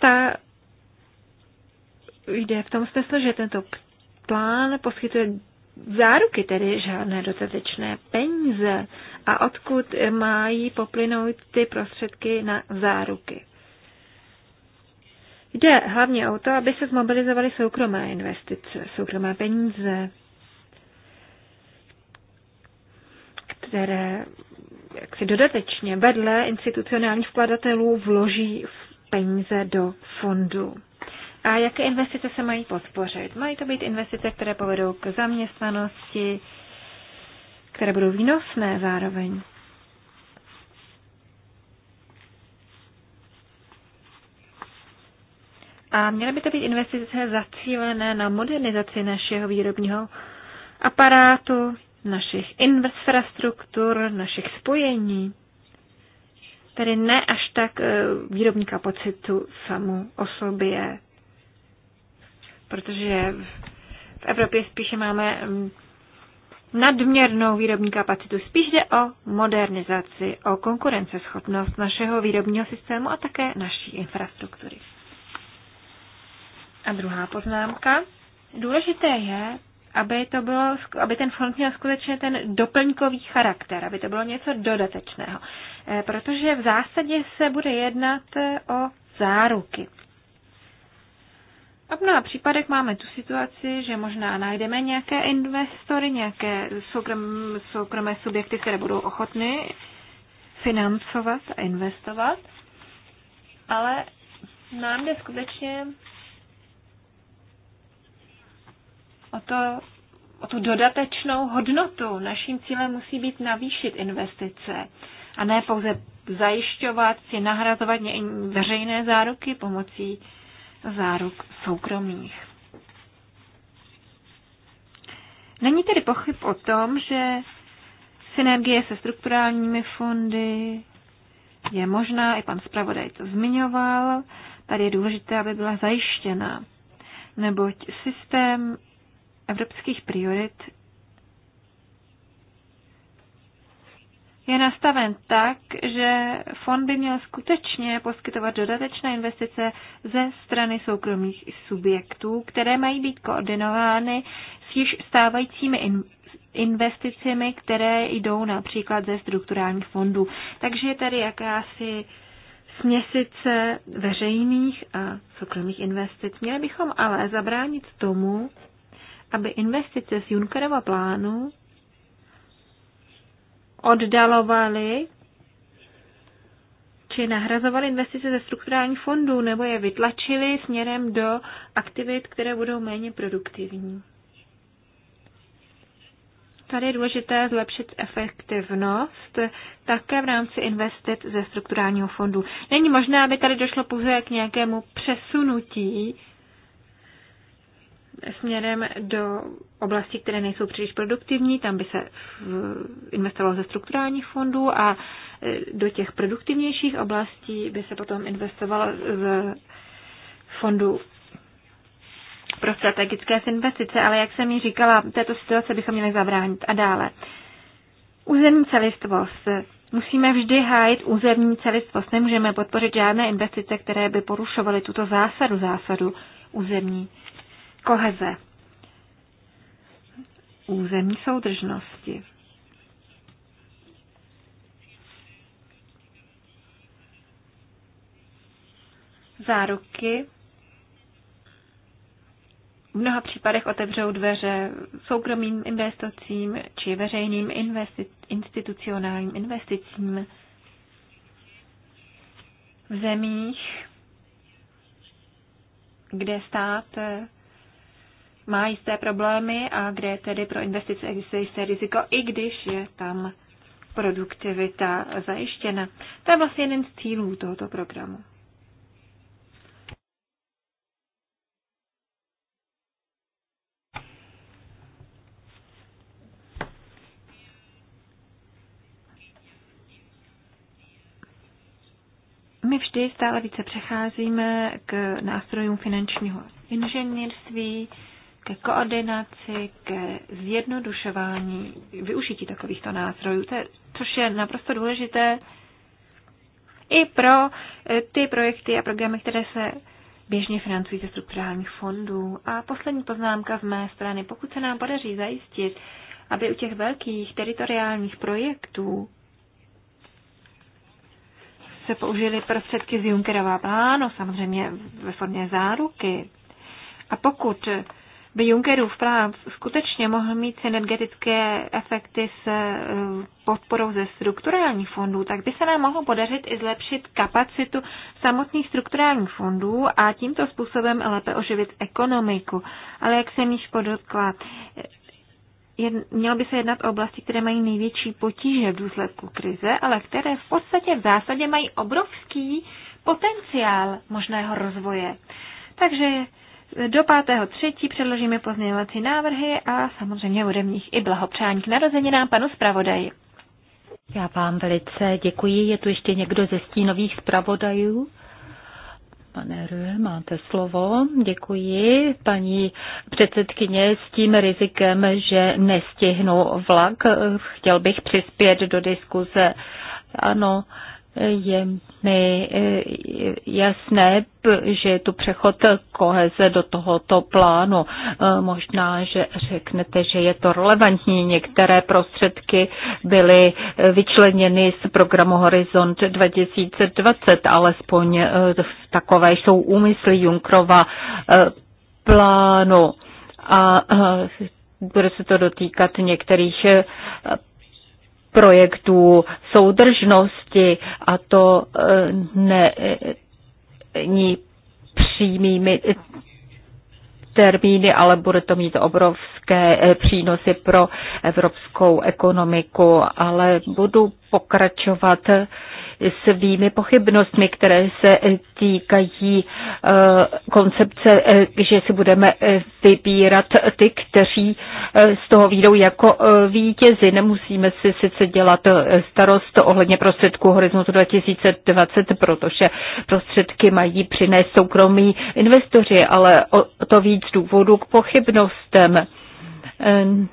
Ta jde v tom smyslu, že tento plán poskytuje záruky, tedy žádné dotatečné peníze. A odkud mají poplynout ty prostředky na záruky? Jde hlavně o to, aby se zmobilizovaly soukromé investice, soukromé peníze, které jak si dodatečně vedle institucionálních vkladatelů vloží peníze do fondu. A jaké investice se mají podpořit? Mají to být investice, které povedou k zaměstnanosti, které budou výnosné zároveň. A měly by to být investice zacílené na modernizaci našeho výrobního aparátu, našich infrastruktur, našich spojení. Tedy ne až tak e, výrobní kapacitu samu o sobě protože v Evropě spíše máme mm, nadměrnou výrobní kapacitu. Spíš jde o modernizaci, o konkurenceschopnost našeho výrobního systému a také naší infrastruktury. A druhá poznámka. Důležité je, aby, to bylo, aby ten fond měl skutečně ten doplňkový charakter, aby to bylo něco dodatečného. Eh, protože v zásadě se bude jednat eh, o záruky. A v mnoha případech máme tu situaci, že možná najdeme nějaké investory, nějaké soukrom, soukromé subjekty, které budou ochotny financovat a investovat, ale nám jde skutečně o, to, o tu dodatečnou hodnotu. Naším cílem musí být navýšit investice a ne pouze zajišťovat si, nahrazovat veřejné záruky pomocí záruk soukromých. Není tedy pochyb o tom, že synergie se strukturálními fondy je možná, i pan zpravodaj to zmiňoval, tady je důležité, aby byla zajištěna, neboť systém evropských priorit je nastaven tak, že fond by měl skutečně poskytovat dodatečné investice ze strany soukromých subjektů, které mají být koordinovány s již stávajícími investicemi, které jdou například ze strukturálních fondů. Takže je tady jakási směsice veřejných a soukromých investic. Měli bychom ale zabránit tomu, aby investice z Junckerova plánu oddalovali či nahrazovali investice ze strukturálních fondů nebo je vytlačili směrem do aktivit, které budou méně produktivní. Tady je důležité zlepšit efektivnost také v rámci investic ze strukturálního fondu. Není možné, aby tady došlo pouze k nějakému přesunutí směrem do oblastí, které nejsou příliš produktivní, tam by se investovalo ze strukturálních fondů a e, do těch produktivnějších oblastí by se potom investovalo z fondu pro strategické investice, ale jak jsem ji říkala, této situace bychom měli zabránit a dále. Územní celistvost. Musíme vždy hájit územní celistvost. Nemůžeme podpořit žádné investice, které by porušovaly tuto zásadu, zásadu územní koheze, územní soudržnosti. Záruky v mnoha případech otevřou dveře soukromým investicím či veřejným investi- institucionálním investicím v zemích, kde stát má jisté problémy a kde tedy pro investice existuje jisté riziko, i když je tam produktivita zajištěna. To je vlastně jeden z cílů tohoto programu. my vždy stále více přecházíme k nástrojům finančního inženýrství, ke koordinaci, ke zjednodušování využití takovýchto nástrojů, to je, což je naprosto důležité i pro eh, ty projekty a programy, které se běžně financují ze strukturálních fondů. A poslední poznámka z mé strany. Pokud se nám podaří zajistit, aby u těch velkých teritoriálních projektů se použily prostředky z Junckerova plánu, samozřejmě ve formě záruky. A pokud by Junckerův plán skutečně mohl mít synergetické efekty s eh, podporou ze strukturálních fondů, tak by se nám mohlo podařit i zlepšit kapacitu samotných strukturálních fondů a tímto způsobem lépe oživit ekonomiku. Ale jak jsem již podotkla, mělo by se jednat o oblasti, které mají největší potíže v důsledku krize, ale které v podstatě v zásadě mají obrovský potenciál možného rozvoje. Takže do 5.3. předložíme pozměňovací návrhy a samozřejmě bude v nich i blahopřání k narozeninám panu zpravodaji. Já vám velice děkuji. Je tu ještě někdo ze stínových zpravodajů? Pane Rue, máte slovo. Děkuji. Paní předsedkyně, s tím rizikem, že nestihnu vlak, chtěl bych přispět do diskuze. Ano, je mi eh, jasné, že je tu přechod koheze do tohoto plánu. Eh, možná, že řeknete, že je to relevantní. Některé prostředky byly eh, vyčleněny z programu Horizont 2020, alespoň takové jsou úmysly Junkrova plánu. A bude se to dotýkat některých projektů soudržnosti a to e, e, ní přímými e, termíny, ale bude to mít obrovské přínosy pro evropskou ekonomiku, ale budu pokračovat svými pochybnostmi, které se týkají eh, koncepce, eh, že si budeme eh, vybírat ty, kteří z toho výjdou jako vítězi. Nemusíme si sice dělat starost ohledně prostředků Horizontu 2020, protože prostředky mají přinést soukromí investoři, ale o to víc důvodu k pochybnostem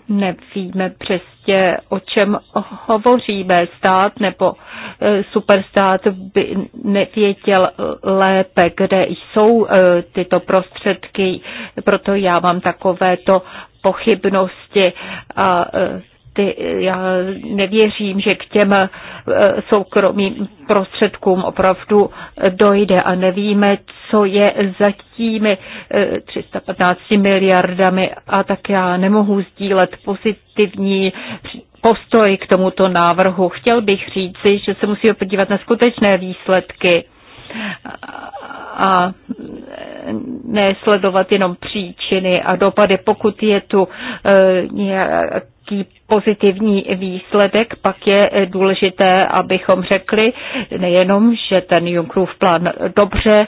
nevíme přesně, o čem hovoříme. Stát nebo eh, superstát by nevěděl lépe, kde jsou eh, tyto prostředky, proto já mám takovéto pochybnosti a eh, ty, já nevěřím, že k těm e, soukromým prostředkům opravdu dojde a nevíme, co je za těmi 315 e, miliardami a tak já nemohu sdílet pozitivní postoj k tomuto návrhu. Chtěl bych říci, že se musíme podívat na skutečné výsledky a nesledovat jenom příčiny a dopady. Pokud je tu e, nějaký pozitivní výsledek, pak je důležité, abychom řekli nejenom, že ten Junckerův plán dobře e,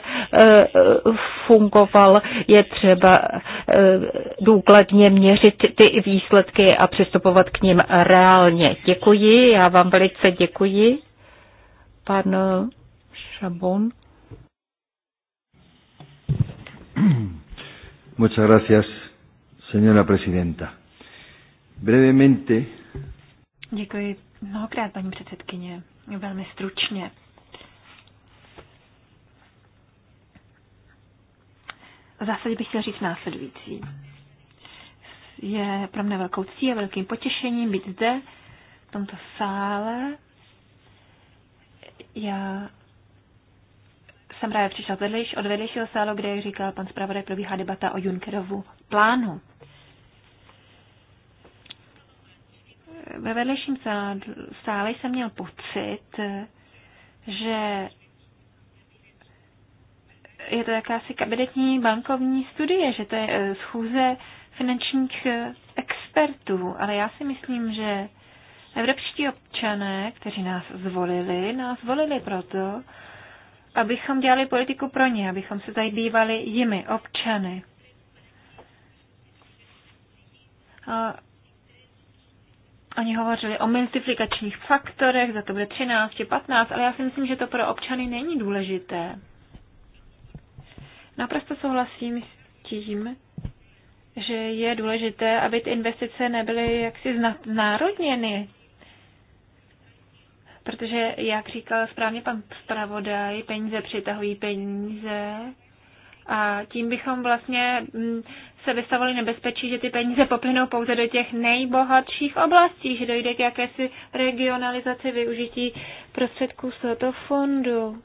fungoval, je třeba e, důkladně měřit ty výsledky a přistupovat k ním reálně. Děkuji, já vám velice děkuji. Pan Šabon. Muchas gracias, señora presidenta brevemente. Děkuji mnohokrát, paní předsedkyně. Velmi stručně. V zásadě bych chtěl říct následující. Je pro mě velkou ctí a velkým potěšením být zde, v tomto sále. Já jsem právě přišla od vedlejšího sálu, kde, jak říkal pan zpravodaj, probíhá debata o Junckerovu plánu. ve vedlejším sále jsem měl pocit, že je to jakási kabinetní bankovní studie, že to je eh, schůze finančních eh, expertů, ale já si myslím, že evropští občané, kteří nás zvolili, nás zvolili proto, abychom dělali politiku pro ně, abychom se zabývali jimi, občany. A Oni hovořili o multiplikačních faktorech, za to bude 13 15, ale já si myslím, že to pro občany není důležité. Naprosto souhlasím s tím, že je důležité, aby ty investice nebyly jaksi znárodněny. Protože, jak říkal správně pan zpravodaj, peníze přitahují peníze a tím bychom vlastně mm, se vystavili nebezpečí, že ty peníze poplynou pouze do těch nejbohatších oblastí, že dojde k jakési regionalizaci využití prostředků z tohoto fondu.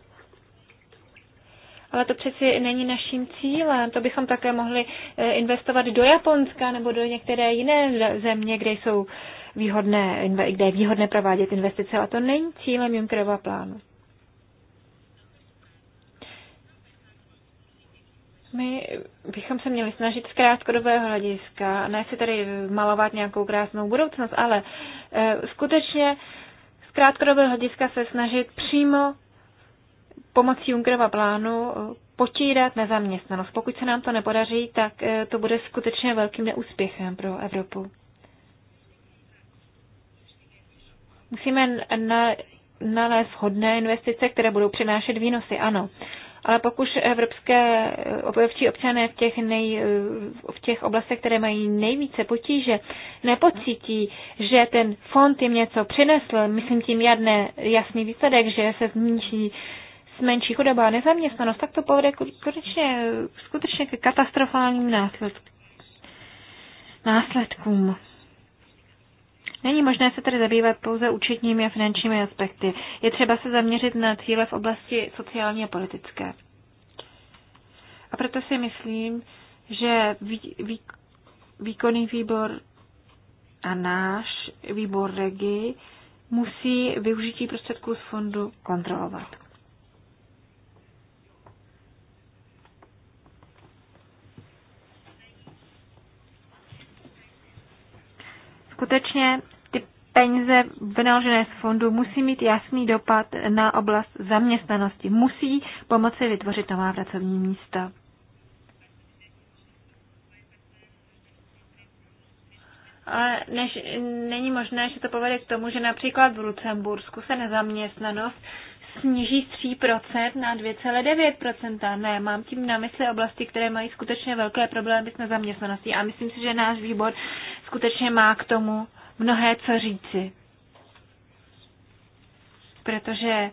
Ale to přeci není naším cílem. To bychom také mohli e, investovat do Japonska nebo do některé jiné země, kde jsou výhodné, kde je výhodné provádět investice. A to není cílem Junckerova plánu. My bychom se měli snažit z krátkodobého hlediska, ne si tady malovat nějakou krásnou budoucnost, ale e, skutečně z krátkodobého hlediska se snažit přímo pomocí Junckerova plánu eh, potírat nezaměstnanost. Pokud se nám to nepodaří, tak eh, to bude skutečně velkým neúspěchem pro Evropu. Musíme na, nalézt vhodné investice, které budou přinášet výnosy, ano ale pokud evropské obrovští občané v těch, nej, v těch oblastech, které mají nejvíce potíže, nepocítí, že ten fond jim něco přinesl, myslím tím jadné jasný výsledek, že se zmenší menší chudoba a nezaměstnanost, tak to povede skutečně, skutečně k katastrofálním následkům. následkům. Není možné se tedy zabývat pouze účetními a finančními aspekty. Je třeba se zaměřit na cíle v oblasti sociální a politické. A proto si myslím, že vý, vý, výkonný výbor a náš výbor regi musí využití prostředků z fondu kontrolovat. Skutečně peníze vynaložené z fondu musí mít jasný dopad na oblast zaměstnanosti. Musí pomoci vytvořit nová pracovní místa. ale než, není možné, že to povede k tomu, že například v Lucembursku se nezaměstnanost sníží z 3% na 2,9%. Ne, mám tím na mysli oblasti, které mají skutečně velké problémy s nezaměstnaností a myslím si, že náš výbor skutečně má k tomu mnohé co říci. Protože eh,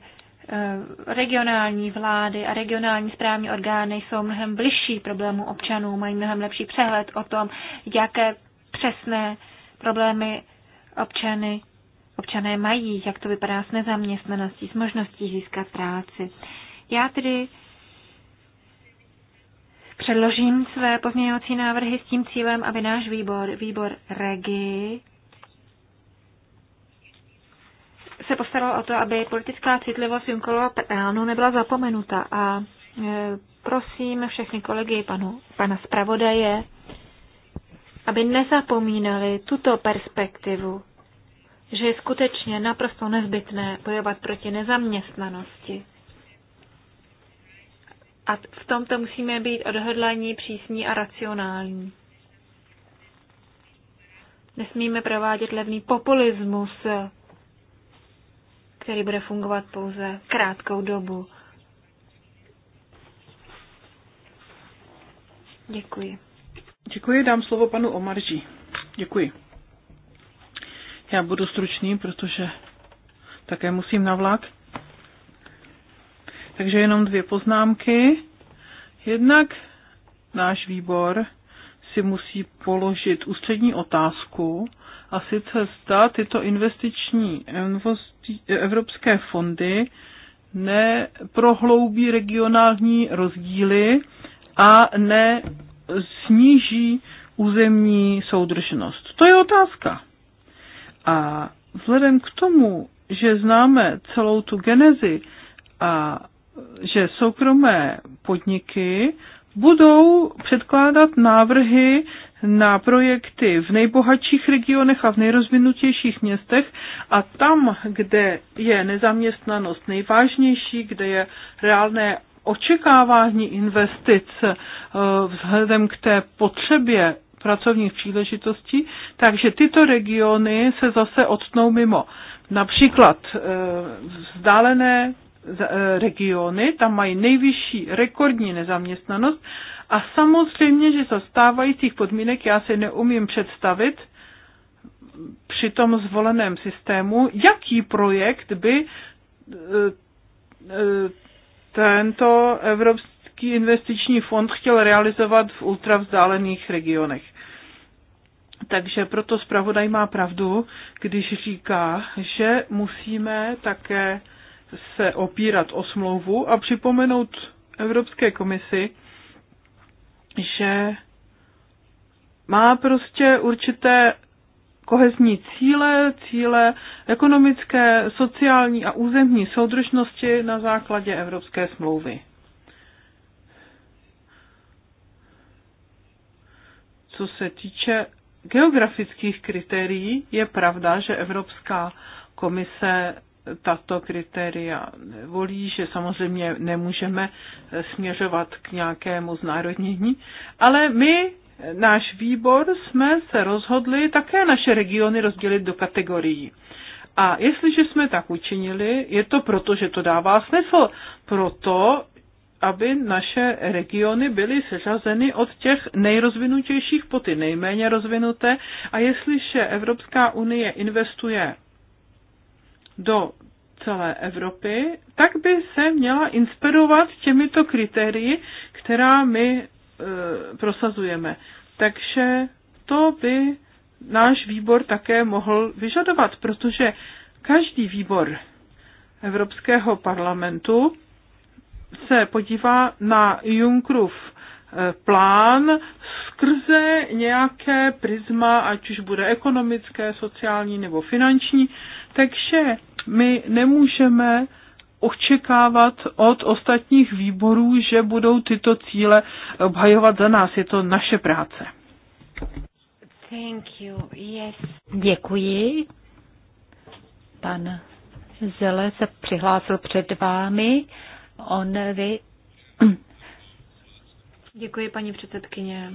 regionální vlády a regionální správní orgány jsou mnohem bližší problému občanů, mají mnohem lepší přehled o tom, jaké přesné problémy občany, občané mají, jak to vypadá s nezaměstnaností, s možností získat práci. Já tedy předložím své pozměňovací návrhy s tím cílem, aby náš výbor, výbor REGI, se postaral o to, aby politická citlivost Junkerova plánu nebyla zapomenuta. A e, prosím všechny kolegy panu, pana zpravodaje, aby nezapomínali tuto perspektivu, že je skutečně naprosto nezbytné bojovat proti nezaměstnanosti. A v tomto musíme být odhodlaní, přísní a racionální. Nesmíme provádět levný populismus, který bude fungovat pouze krátkou dobu. Děkuji. Děkuji, dám slovo panu Omarži. Děkuji. Já budu stručný, protože také musím na vlak. Takže jenom dvě poznámky. Jednak náš výbor si musí položit ústřední otázku, a sice zda tyto investiční evropské fondy neprohloubí regionální rozdíly a nesníží územní soudržnost. To je otázka. A vzhledem k tomu, že známe celou tu genezi a že soukromé podniky budou předkládat návrhy na projekty v nejbohatších regionech a v nejrozvinutějších městech a tam, kde je nezaměstnanost nejvážnější, kde je reálné očekávání investic eh, vzhledem k té potřebě pracovních příležitostí, takže tyto regiony se zase odtnou mimo. Například eh, vzdálené E, regiony, tam mají nejvyšší rekordní nezaměstnanost a samozřejmě, že za stávajících podmínek já si neumím představit při tom zvoleném systému, jaký projekt by e, e, tento Evropský investiční fond chtěl realizovat v ultravzdálených regionech. Takže proto zpravodaj má pravdu, když říká, že musíme také se opírat o smlouvu a připomenout Evropské komisi, že má prostě určité kohezní cíle, cíle ekonomické, sociální a územní soudržnosti na základě Evropské smlouvy. Co se týče geografických kritérií, je pravda, že Evropská komise tato kritéria volí, že samozřejmě nemůžeme směřovat k nějakému znárodnění, ale my, náš výbor, jsme se rozhodli také naše regiony rozdělit do kategorií. A jestliže jsme tak učinili, je to proto, že to dává smysl. Proto, aby naše regiony byly seřazeny od těch nejrozvinutějších po ty nejméně rozvinuté. A jestliže Evropská unie investuje do celé Evropy, tak by se měla inspirovat těmito kritérii, která my e, prosazujeme. Takže to by náš výbor také mohl vyžadovat, protože každý výbor Evropského parlamentu se podívá na Junkrův e, plán skrze nějaké prisma, ať už bude ekonomické, sociální nebo finanční, takže my nemůžeme očekávat od ostatních výborů, že budou tyto cíle obhajovat za nás. Je to naše práce. Thank you. Yes. Děkuji. Pan Zele se přihlásil před vámi. On vy... Děkuji, paní předsedkyně.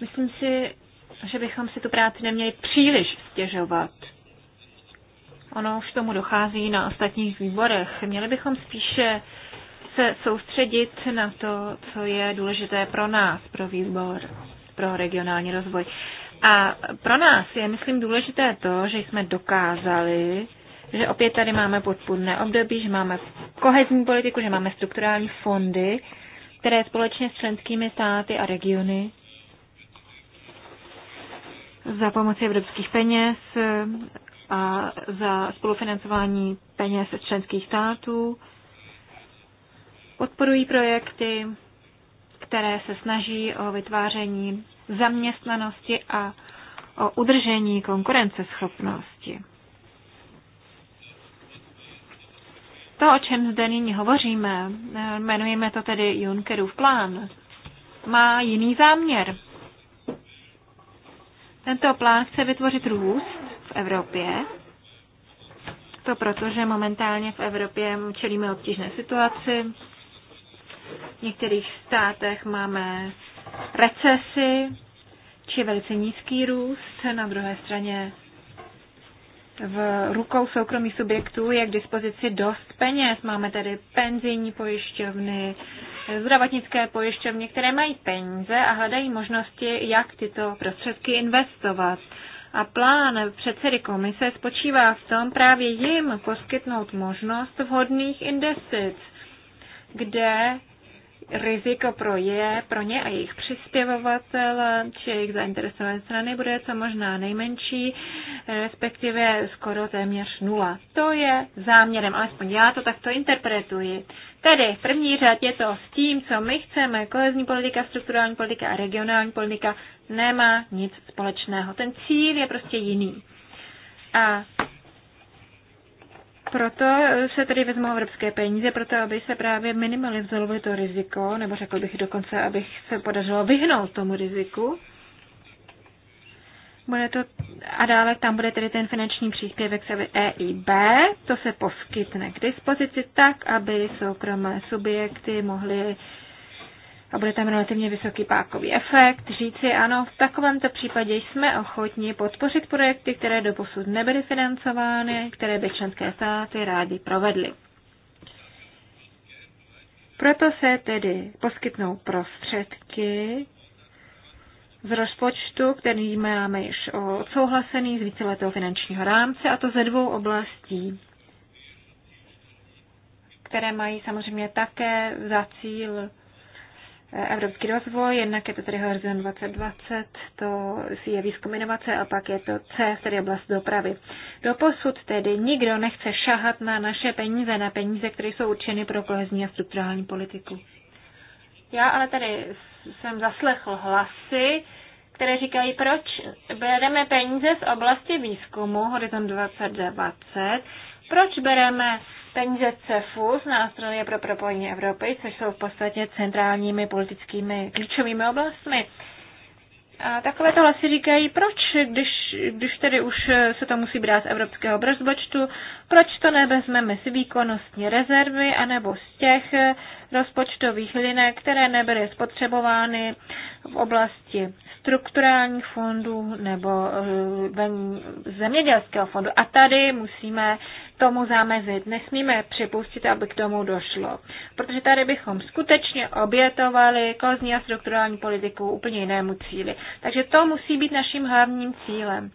Myslím si, že bychom si tu práci neměli příliš stěžovat. Ono už tomu dochází na ostatních výborech. Měli bychom spíše se soustředit na to, co je důležité pro nás, pro výbor, pro regionální rozvoj. A pro nás je, myslím, důležité to, že jsme dokázali, že opět tady máme podpůrné období, že máme kohezní politiku, že máme strukturální fondy, které společně s členskými státy a regiony za pomoci evropských peněz a za spolufinancování peněz členských států. Podporují projekty, které se snaží o vytváření zaměstnanosti a o udržení konkurenceschopnosti. To, o čem zde nyní hovoříme, jmenujeme to tedy Junckerův plán, má jiný záměr. Tento plán chce vytvořit růst Evropě. To proto, že momentálně v Evropě čelíme obtížné situaci. V některých státech máme recesi či velice nízký růst. Na druhé straně v rukou soukromých subjektů je k dispozici dost peněz. Máme tedy penzijní pojišťovny, zdravotnické pojišťovny, které mají peníze a hledají možnosti, jak tyto prostředky investovat. A plán předsedy komise spočívá v tom právě jim poskytnout možnost vhodných investic, kde riziko pro je, pro ně a jejich přispěvovatel či jejich zainteresované strany bude co možná nejmenší, respektive skoro téměř nula. To je záměrem, alespoň já to takto interpretuji. Tedy v první řadě je to s tím, co my chceme. Kohezní politika, strukturální politika a regionální politika nemá nic společného. Ten cíl je prostě jiný. A proto se tedy vezmou evropské peníze, proto aby se právě minimalizovalo to riziko, nebo řekl bych dokonce, abych se podařilo vyhnout tomu riziku. Bude to, a dále tam bude tedy ten finanční příspěvek se EIB, to se poskytne k dispozici tak, aby soukromé subjekty mohly a bude tam relativně vysoký pákový efekt, říci ano, v takovémto případě jsme ochotni podpořit projekty, které doposud nebyly financovány, které by členské státy rádi provedly. Proto se tedy poskytnou prostředky z rozpočtu, který máme již odsouhlasený z víceletého finančního rámce, a to ze dvou oblastí, které mají samozřejmě také za cíl Eh, evropský rozvoj, jednak je to tedy Horizon 2020, to je výzkum inovace a pak je to C, tedy oblast dopravy. Doposud tedy nikdo nechce šahat na naše peníze, na peníze, které jsou určeny pro kohezní a strukturální politiku. Já ale tady jsem zaslechl hlasy, které říkají, proč bereme peníze z oblasti výzkumu Horizon 2020, proč bereme peníze CEFu z nástroje pro propojení Evropy, což jsou v podstatě centrálními politickými klíčovými oblastmi. A takové tohle si říkají, proč, když, když tedy už se to musí brát z evropského rozpočtu, proč to nevezmeme z výkonnostní rezervy anebo z těch rozpočtových linek, které nebyly spotřebovány v oblasti strukturálních fondů nebo eh, zemědělského fondu. A tady musíme tomu zamezit. Nesmíme připustit, aby k tomu došlo. Protože tady bychom skutečně obětovali kozní a strukturální politiku úplně jinému cíli. Takže to musí být naším hlavním cílem.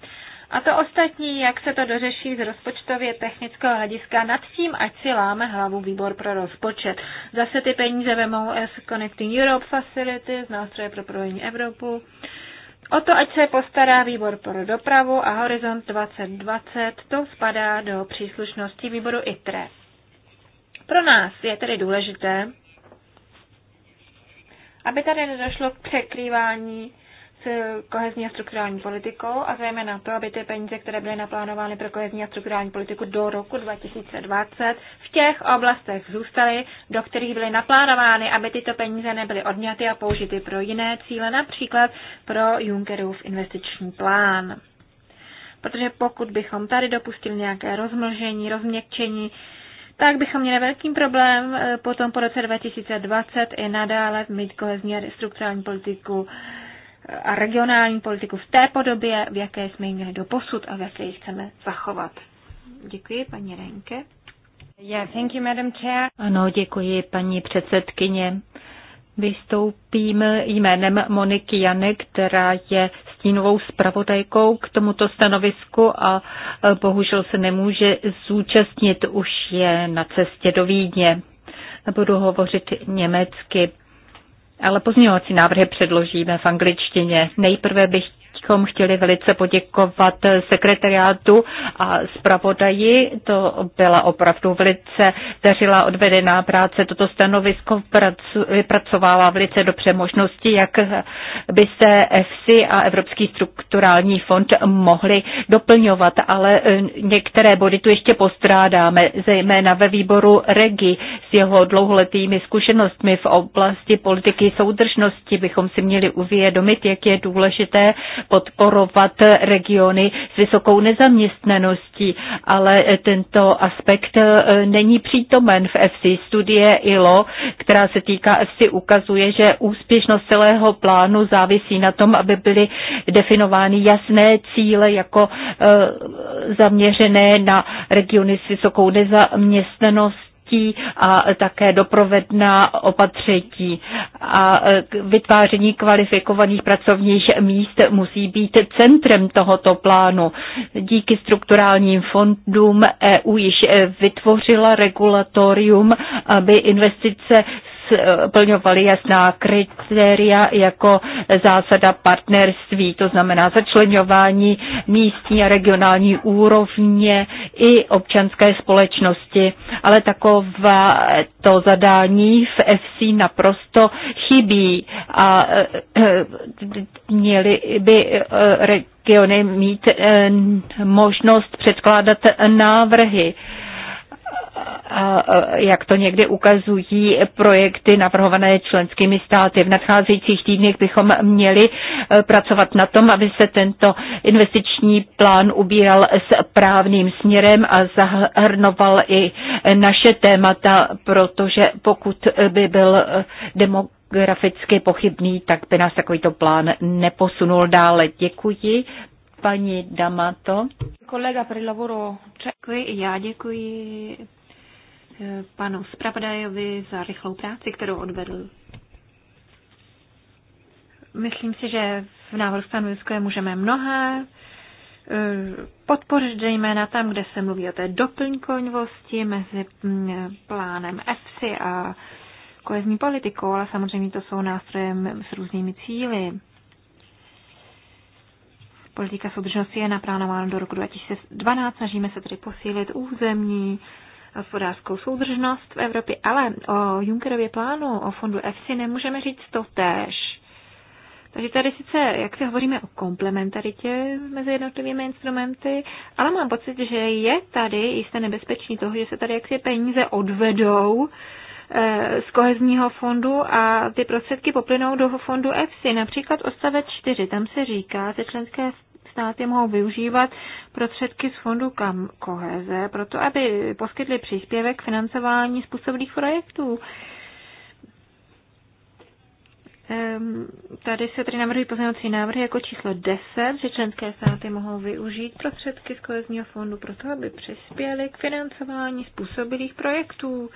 A to ostatní, jak se to dořeší z rozpočtově technického hlediska, nad tím, ať si láme hlavu výbor pro rozpočet. Zase ty peníze vemou z Connecting Europe Facility, z nástroje pro provojení Evropu. O to, ať se postará výbor pro dopravu a Horizont 2020, to spadá do příslušnosti výboru ITRE. Pro nás je tedy důležité, aby tady nedošlo k překrývání s kohezní a strukturální politikou a zejména to, aby ty peníze, které byly naplánovány pro kohezní a strukturální politiku do roku 2020, v těch oblastech zůstaly, do kterých byly naplánovány, aby tyto peníze nebyly odňaty a použity pro jiné cíle, například pro Junckerův investiční plán. Protože pokud bychom tady dopustili nějaké rozmlžení, rozměkčení, tak bychom měli velký problém eh, potom po roce 2020 i nadále mít kohezní a strukturální politiku a regionální politiku v té podobě, v jaké jsme ji měli do posud a v jaké ji chceme zachovat. Děkuji, paní Renke. Yeah, thank you, Madam Chair. Ano, děkuji, paní předsedkyně. Vystoupím jménem Moniky Jany, která je stínovou zpravodajkou k tomuto stanovisku a e, bohužel se nemůže zúčastnit, už je na cestě do Vídně. Budu hovořit německy ale pozměňovací návrhy předložíme v angličtině. Nejprve bych bychom chtěli velice poděkovat sekretariátu a zpravodaji. To byla opravdu velice dařila odvedená práce. Toto stanovisko vypracovává velice dobře možnosti, jak by se EFSI a Evropský strukturální fond mohly doplňovat, ale eh, některé body tu ještě postrádáme, zejména ve výboru REGI s jeho dlouholetými zkušenostmi v oblasti politiky soudržnosti bychom si měli uvědomit, jak je důležité podporovat regiony s vysokou nezaměstnaností, ale tento aspekt eh, není přítomen v FC. Studie ILO, která se týká FC, ukazuje, že úspěšnost celého plánu závisí na tom, aby byly definovány jasné cíle jako eh, zaměřené na regiony s vysokou nezaměstnaností dětí a také doprovedná opatření. A vytváření kvalifikovaných pracovních míst musí být centrem tohoto plánu. Díky strukturálním fondům EU již vytvořila regulatorium, aby investice splňovaly jasná kritéria jako zásada partnerství, to znamená začlenování místní a regionální úrovně i občanské společnosti. Ale takové to zadání v FC naprosto chybí a eh, měli by eh, regiony mít eh, možnost předkládat návrhy a jak to někdy ukazují projekty navrhované členskými státy. V nadcházejících týdnech bychom měli e, pracovat na tom, aby se tento investiční plán ubíral právným směrem a zahrnoval i naše témata, protože pokud by byl e, demograficky pochybný, tak by nás takovýto plán neposunul dále. Děkuji paní Damato. Kolega pro lavoro. Děkuji, já děkuji panu Spravodajovi za rychlou práci, kterou odvedl. Myslím si, že v návrhu stanovisko je můžeme mnohé. Eh, podpořit zejména tam, kde se mluví o té doplňkoňvosti mezi mm, plánem EFSI a kohezní politikou, ale samozřejmě to jsou nástroje s různými cíly. Politika soudržnosti je naplánována do roku 2012, snažíme se tedy posílit územní hospodářskou soudržnost v Evropě, ale o Junckerově plánu, o fondu EFSI nemůžeme říct to též. Takže tady sice, jak si hovoříme o komplementaritě mezi jednotlivými instrumenty, ale mám pocit, že je tady jisté nebezpečí toho, že se tady jaksi peníze odvedou eh, z kohezního fondu a ty prostředky poplynou do fondu EFSI. Například odstavec 4, tam se říká, že členské státy mohou využívat prostředky z fondu kam koheze, proto aby poskytli příspěvek financování způsobných projektů. Ehm, tady se tedy navrhují pozměňovací návrhy jako číslo 10, že členské státy mohou využít prostředky z kolezního fondu proto, aby přispěly k financování způsobilých projektů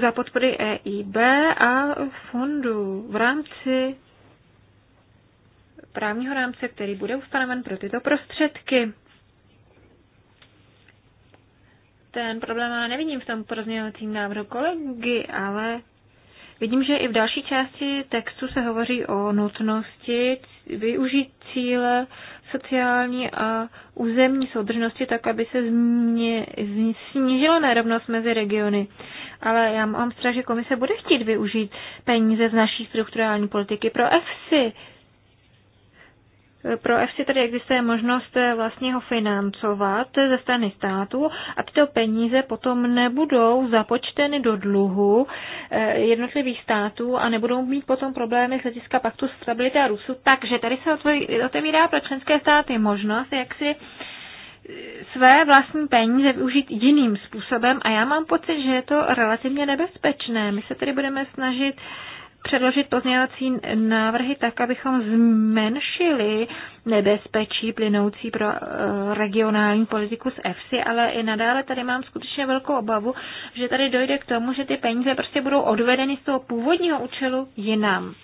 za podpory EIB a fondu v rámci právního rámce, který bude ustanoven pro tyto prostředky. Ten problém já nevidím v tom pozměňovacím návrhu kolegy, ale vidím, že i v další části textu se hovoří o nutnosti využít cíle sociální a územní soudržnosti tak, aby se snížila nerovnost mezi regiony. Ale já mám strach, že komise bude chtít využít peníze z naší strukturální politiky pro EFSI pro FC tady existuje možnost eh, vlastně ho financovat ze strany státu a tyto peníze potom nebudou započteny do dluhu eh, jednotlivých států a nebudou mít potom problémy z hlediska paktu stability a růstu. Takže tady se otevírá pro členské státy možnost, jak si eh, své vlastní peníze využít jiným způsobem a já mám pocit, že je to relativně nebezpečné. My se tedy budeme snažit předložit pozměňovací návrhy tak, abychom zmenšili nebezpečí plynoucí pro eh, regionální politiku z EFSI, ale i nadále tady mám skutečně velkou obavu, že tady dojde k tomu, že ty peníze prostě budou odvedeny z toho původního účelu jinam.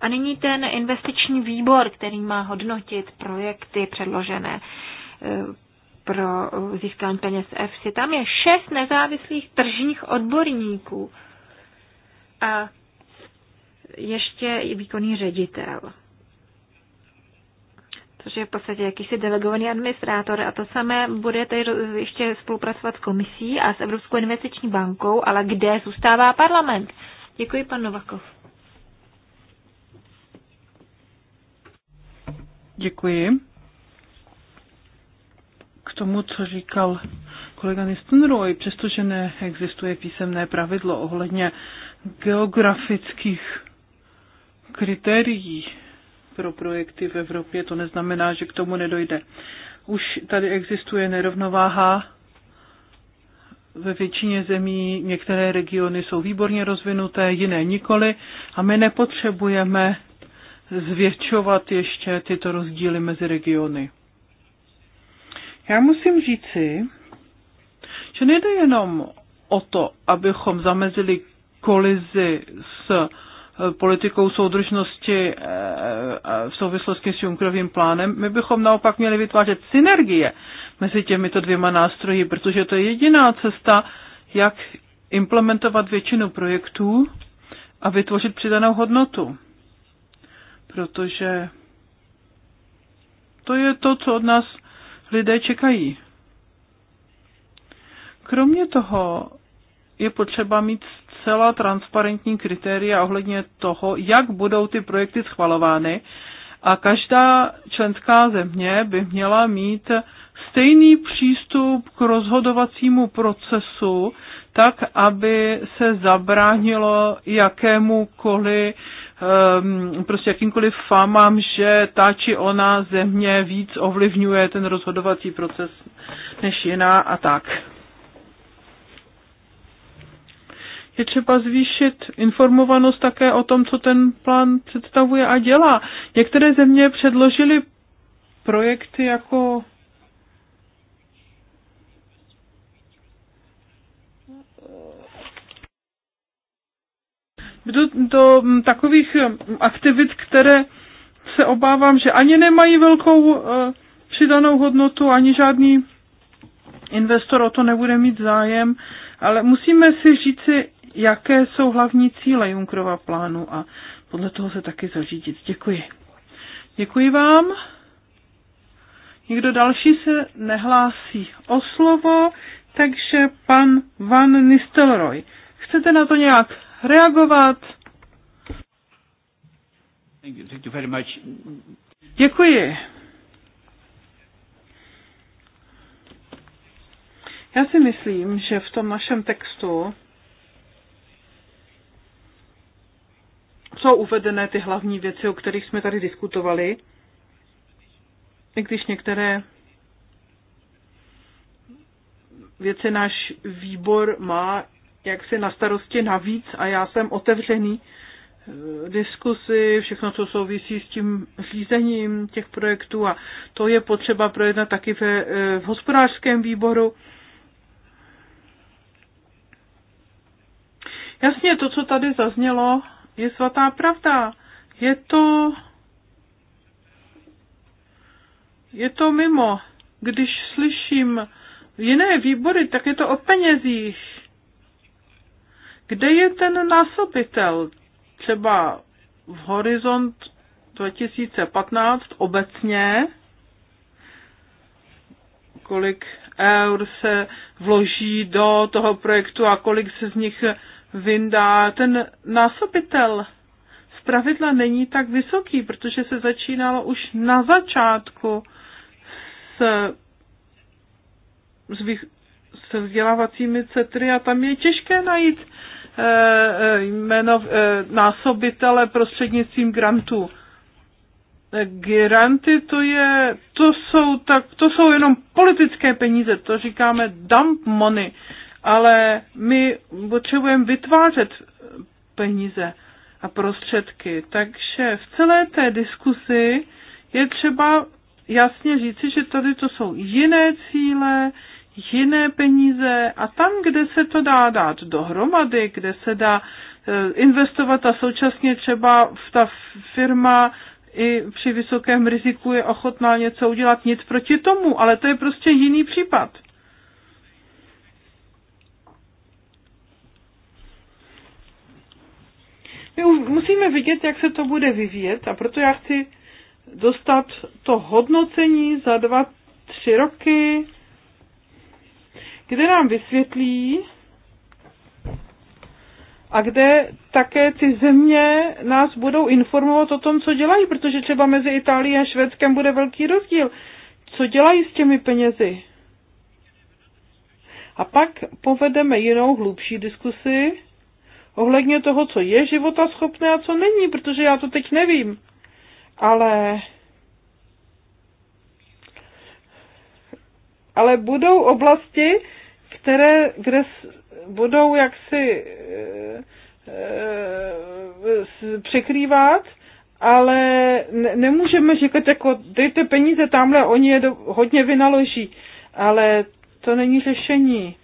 A nyní ten investiční výbor, který má hodnotit projekty předložené eh, pro získání peněz EFSI. Tam je šest nezávislých tržních odborníků. A ještě i výkonný ředitel což je v podstatě jakýsi delegovaný administrátor. A to samé bude tady ještě spolupracovat s komisí a s Evropskou investiční bankou, ale kde zůstává parlament? Děkuji, pan Novakov. Děkuji. K tomu, co říkal kolega Nistenroy, přestože neexistuje písemné pravidlo ohledně geografických kritérií pro projekty v Evropě, to neznamená, že k tomu nedojde. Už tady existuje nerovnováha ve většině zemí některé regiony jsou výborně rozvinuté, jiné nikoli a my nepotřebujeme zvětšovat ještě tyto rozdíly mezi regiony. Já musím říci, že nejde jenom o to, abychom zamezili kolizi s politikou soudržnosti eh, eh, v souvislosti s Junckerovým plánem. My bychom naopak měli vytvářet synergie mezi těmito dvěma nástroji, protože to je jediná cesta, jak implementovat většinu projektů a vytvořit přidanou hodnotu. Protože to je to, co od nás lidé čekají. Kromě toho je potřeba mít zcela transparentní kritéria ohledně toho, jak budou ty projekty schvalovány a každá členská země by měla mít stejný přístup k rozhodovacímu procesu, tak, aby se zabránilo jakémukoliv ehm, prostě jakýmkoliv famám, že ta či ona země víc ovlivňuje ten rozhodovací proces než jiná a tak. je třeba zvýšit informovanost také o tom, co ten plán představuje a dělá. Některé země předložily projekty jako do, do mm, takových mm, aktivit, které se obávám, že ani nemají velkou uh, přidanou hodnotu, ani žádný investor o to nebude mít zájem, ale musíme si říci, jaké jsou hlavní cíle Junkrova plánu a podle toho se taky zařídit. Děkuji. Děkuji vám. Nikdo další se nehlásí o slovo, takže pan Van Nistelrooy. Chcete na to nějak reagovat? Děkuji. Já si myslím, že v tom našem textu jsou uvedené ty hlavní věci, o kterých jsme tady diskutovali, i když některé věci náš výbor má jaksi na starosti navíc a já jsem otevřený eh, diskusi, všechno, co souvisí s tím řízením těch projektů a to je potřeba projednat taky ve, eh, v hospodářském výboru. Jasně, to, co tady zaznělo, je svatá pravda. Je to... Je to mimo. Když slyším jiné výbory, tak je to o penězích. Kde je ten násobitel? Třeba v Horizont 2015 obecně, kolik eur se vloží do toho projektu a kolik se z nich vyndá ten násobitel zpravidla není tak vysoký, protože se začínalo už na začátku s, s, vych, s vzdělávacími centry a tam je těžké najít e, jméno e, násobitele prostřednictvím grantů. Granty to, je, to, jsou tak, to jsou jenom politické peníze, to říkáme dump money ale my potřebujeme vytvářet peníze a prostředky. Takže v celé té diskusi je třeba jasně říci, že tady to jsou jiné cíle, jiné peníze a tam, kde se to dá dát dohromady, kde se dá eh, investovat a současně třeba v ta firma i při vysokém riziku je ochotná něco udělat, nic proti tomu, ale to je prostě jiný případ. My musíme vidět, jak se to bude vyvíjet a proto já chci dostat to hodnocení za dva, tři roky, kde nám vysvětlí a kde také ty země nás budou informovat o tom, co dělají, protože třeba mezi Itálií a Švédskem bude velký rozdíl. Co dělají s těmi penězi? A pak povedeme jinou hlubší diskusi ohledně toho, co je života schopné a co není, protože já to teď nevím. Ale ale budou oblasti, které, kde budou jaksi e, e, překrývat, ale ne, nemůžeme říkat jako dejte peníze tamhle, oni je do, hodně vynaloží, ale to není řešení.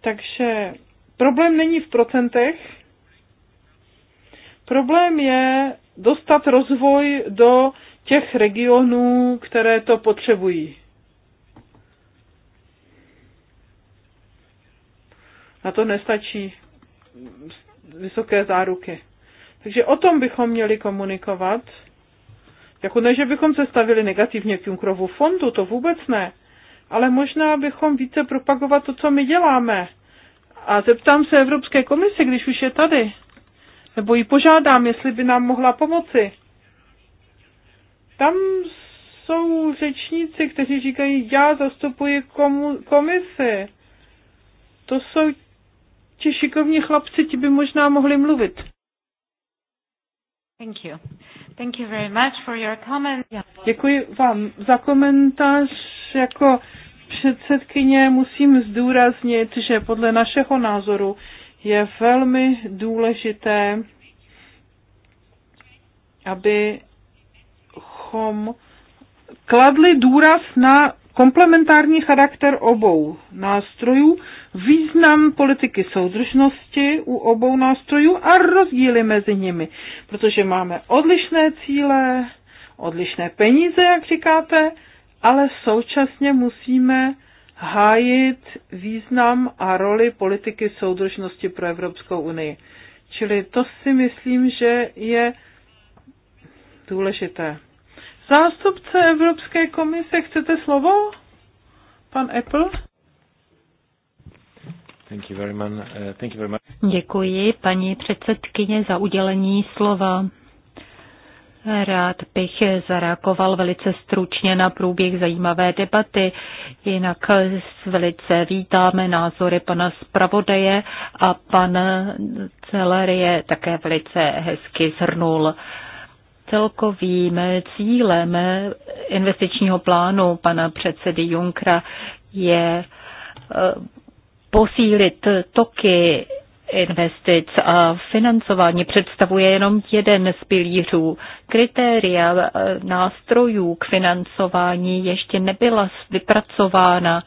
Takže problém není v procentech, problém je dostat rozvoj do těch regionů, které to potřebují. Na to nestačí vysoké záruky. Takže o tom bychom měli komunikovat. Jako ne, že bychom se stavili negativně k Junkrovu fondu, to vůbec ne ale možná bychom více propagovat to, co my děláme. A zeptám se Evropské komise, když už je tady, nebo ji požádám, jestli by nám mohla pomoci. Tam jsou řečníci, kteří říkají, já zastupuji komu, komisi. To jsou ti šikovní chlapci, ti by možná mohli mluvit. Thank you. Thank you very much for your comment. Děkuji vám za komentář jako předsedkyně, musím zdůraznit, že podle našeho názoru je velmi důležité, abychom kladli důraz na komplementární charakter obou nástrojů, význam politiky soudržnosti u obou nástrojů a rozdíly mezi nimi, protože máme odlišné cíle, odlišné peníze, jak říkáte, ale současně musíme hájit význam a roli politiky soudržnosti pro Evropskou unii. Čili to si myslím, že je důležité. Zástupce Evropské komise, chcete slovo? Pan Apple? Thank you very much. Uh, thank you very much. Děkuji, paní předsedkyně, za udělení slova. Rád bych zareagoval velice stručně na průběh zajímavé debaty, jinak velice vítáme názory pana zpravodaje a pan Celer je také velice hezky zhrnul. Celkovým cílem investičního plánu pana předsedy Junkra je eh, posílit toky investic a financování představuje jenom jeden z pilířů. Kritéria eh, nástrojů k financování ještě nebyla vypracována,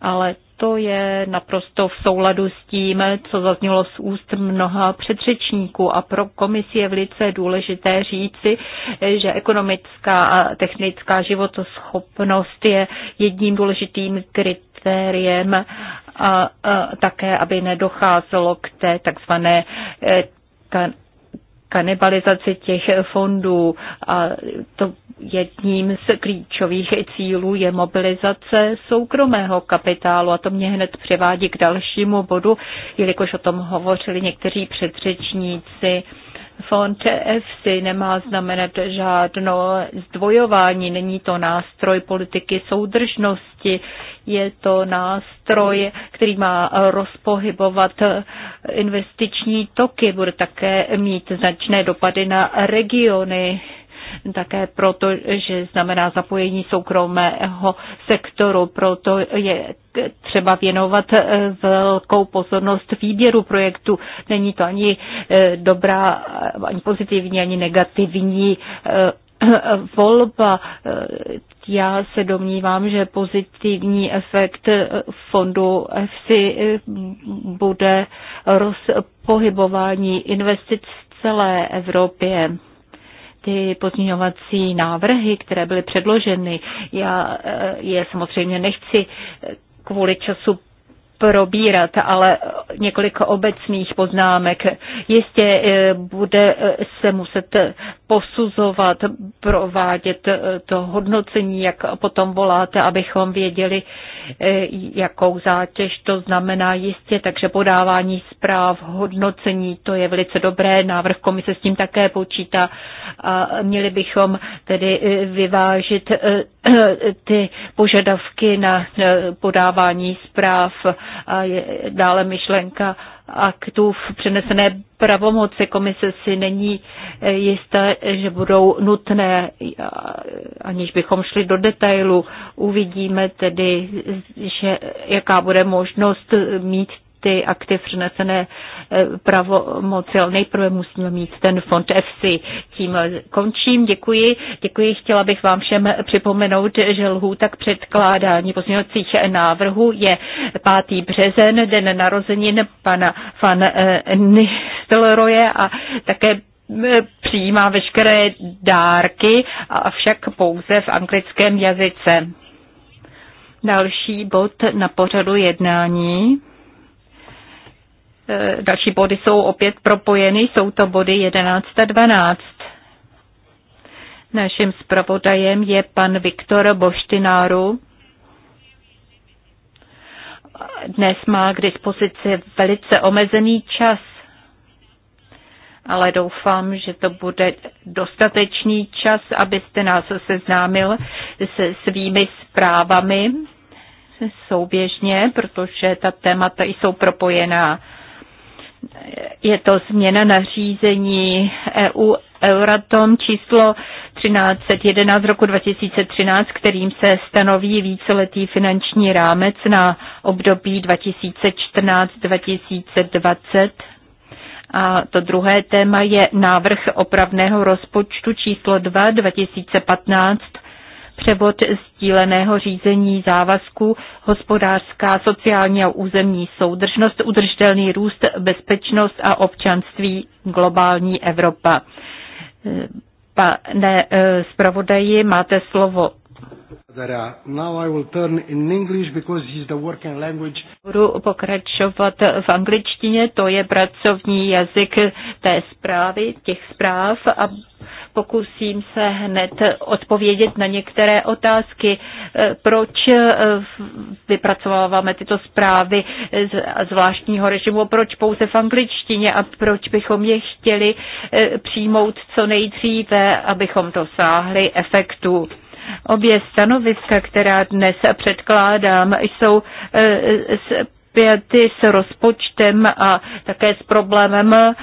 ale to je naprosto v souladu s tím, co zaznělo z úst mnoha předřečníků a pro komisi je velice důležité říci, že ekonomická a technická životoschopnost je jedním důležitým kritériem kritériem a, a také, aby nedocházelo k té takzvané eh, kan kanibalizaci těch fondů. A to jedním z klíčových cílů je mobilizace soukromého kapitálu. A to mě hned přivádí k dalšímu bodu, jelikož o tom hovořili někteří předřečníci. Fond si nemá znamenat žádno zdvojování, není to nástroj politiky soudržnosti, je to nástroj, který má rozpohybovat investiční toky, bude také mít značné dopady na regiony také proto, že znamená zapojení soukromého sektoru, proto je třeba věnovat eh, velkou pozornost výběru projektu. Není to ani eh, dobrá, ani pozitivní, ani negativní eh, volba. Já se domnívám, že pozitivní efekt fondu EFSI bude rozpohybování investic v celé Evropě ty pozměňovací návrhy, které byly předloženy. Já eh, je samozřejmě nechci eh, kvůli času probírat, ale několik obecných poznámek. Jistě eh, bude eh, se muset eh, posuzovat, provádět to hodnocení, jak potom voláte, abychom věděli, jakou zátěž to znamená jistě, takže podávání zpráv, hodnocení, to je velice dobré, návrh komise s tím také počítá a měli bychom tedy vyvážit [clears throat] ty požadavky na podávání zpráv a je dále myšlenka aktů v přenesené pravomoci. Komise si není eh, jistá, že budou nutné, eh, aniž bychom šli do detailu. Uvidíme tedy, že jaká bude možnost mít ty akty přenesené eh, pravomoci, ale nejprve musíme mít ten fond FC. Tím končím, děkuji. Děkuji, chtěla bych vám všem připomenout, že lhů tak předkládání pozměňovacích návrhů je 5. březen, den narozenin pana van eh, Nistelroje a také eh, přijímá veškeré dárky, avšak pouze v anglickém jazyce. Další bod na pořadu jednání. Eh, další body jsou opět propojeny, jsou to body 11 a 12. Naším zpravodajem je pan Viktor Boštináru. Dnes má k dispozici velice omezený čas, ale doufám, že to bude dostatečný čas, abyste nás seznámil se svými zprávami souběžně, protože ta témata jsou propojená. Je to změna nařízení EU Euratom číslo 1311 z roku 2013, kterým se stanoví víceletý finanční rámec na období 2014-2020. A to druhé téma je návrh opravného rozpočtu číslo 2 2015 převod sdíleného řízení závazků, hospodářská, sociální a územní soudržnost, udržitelný růst, bezpečnost a občanství globální Evropa. Pane eh, zpravodaji, máte slovo. Budu pokračovat v angličtině, to je pracovní jazyk té zprávy, těch zpráv, a. Pokusím se hned odpovědět na některé otázky. Eh, proč eh, vypracováváme tyto zprávy z zvláštního režimu? Proč pouze v angličtině a proč bychom je chtěli eh, přijmout co nejdříve, abychom dosáhli efektu? Obě stanoviska, která dnes předkládám, jsou zpěty s rozpočtem a také s problémem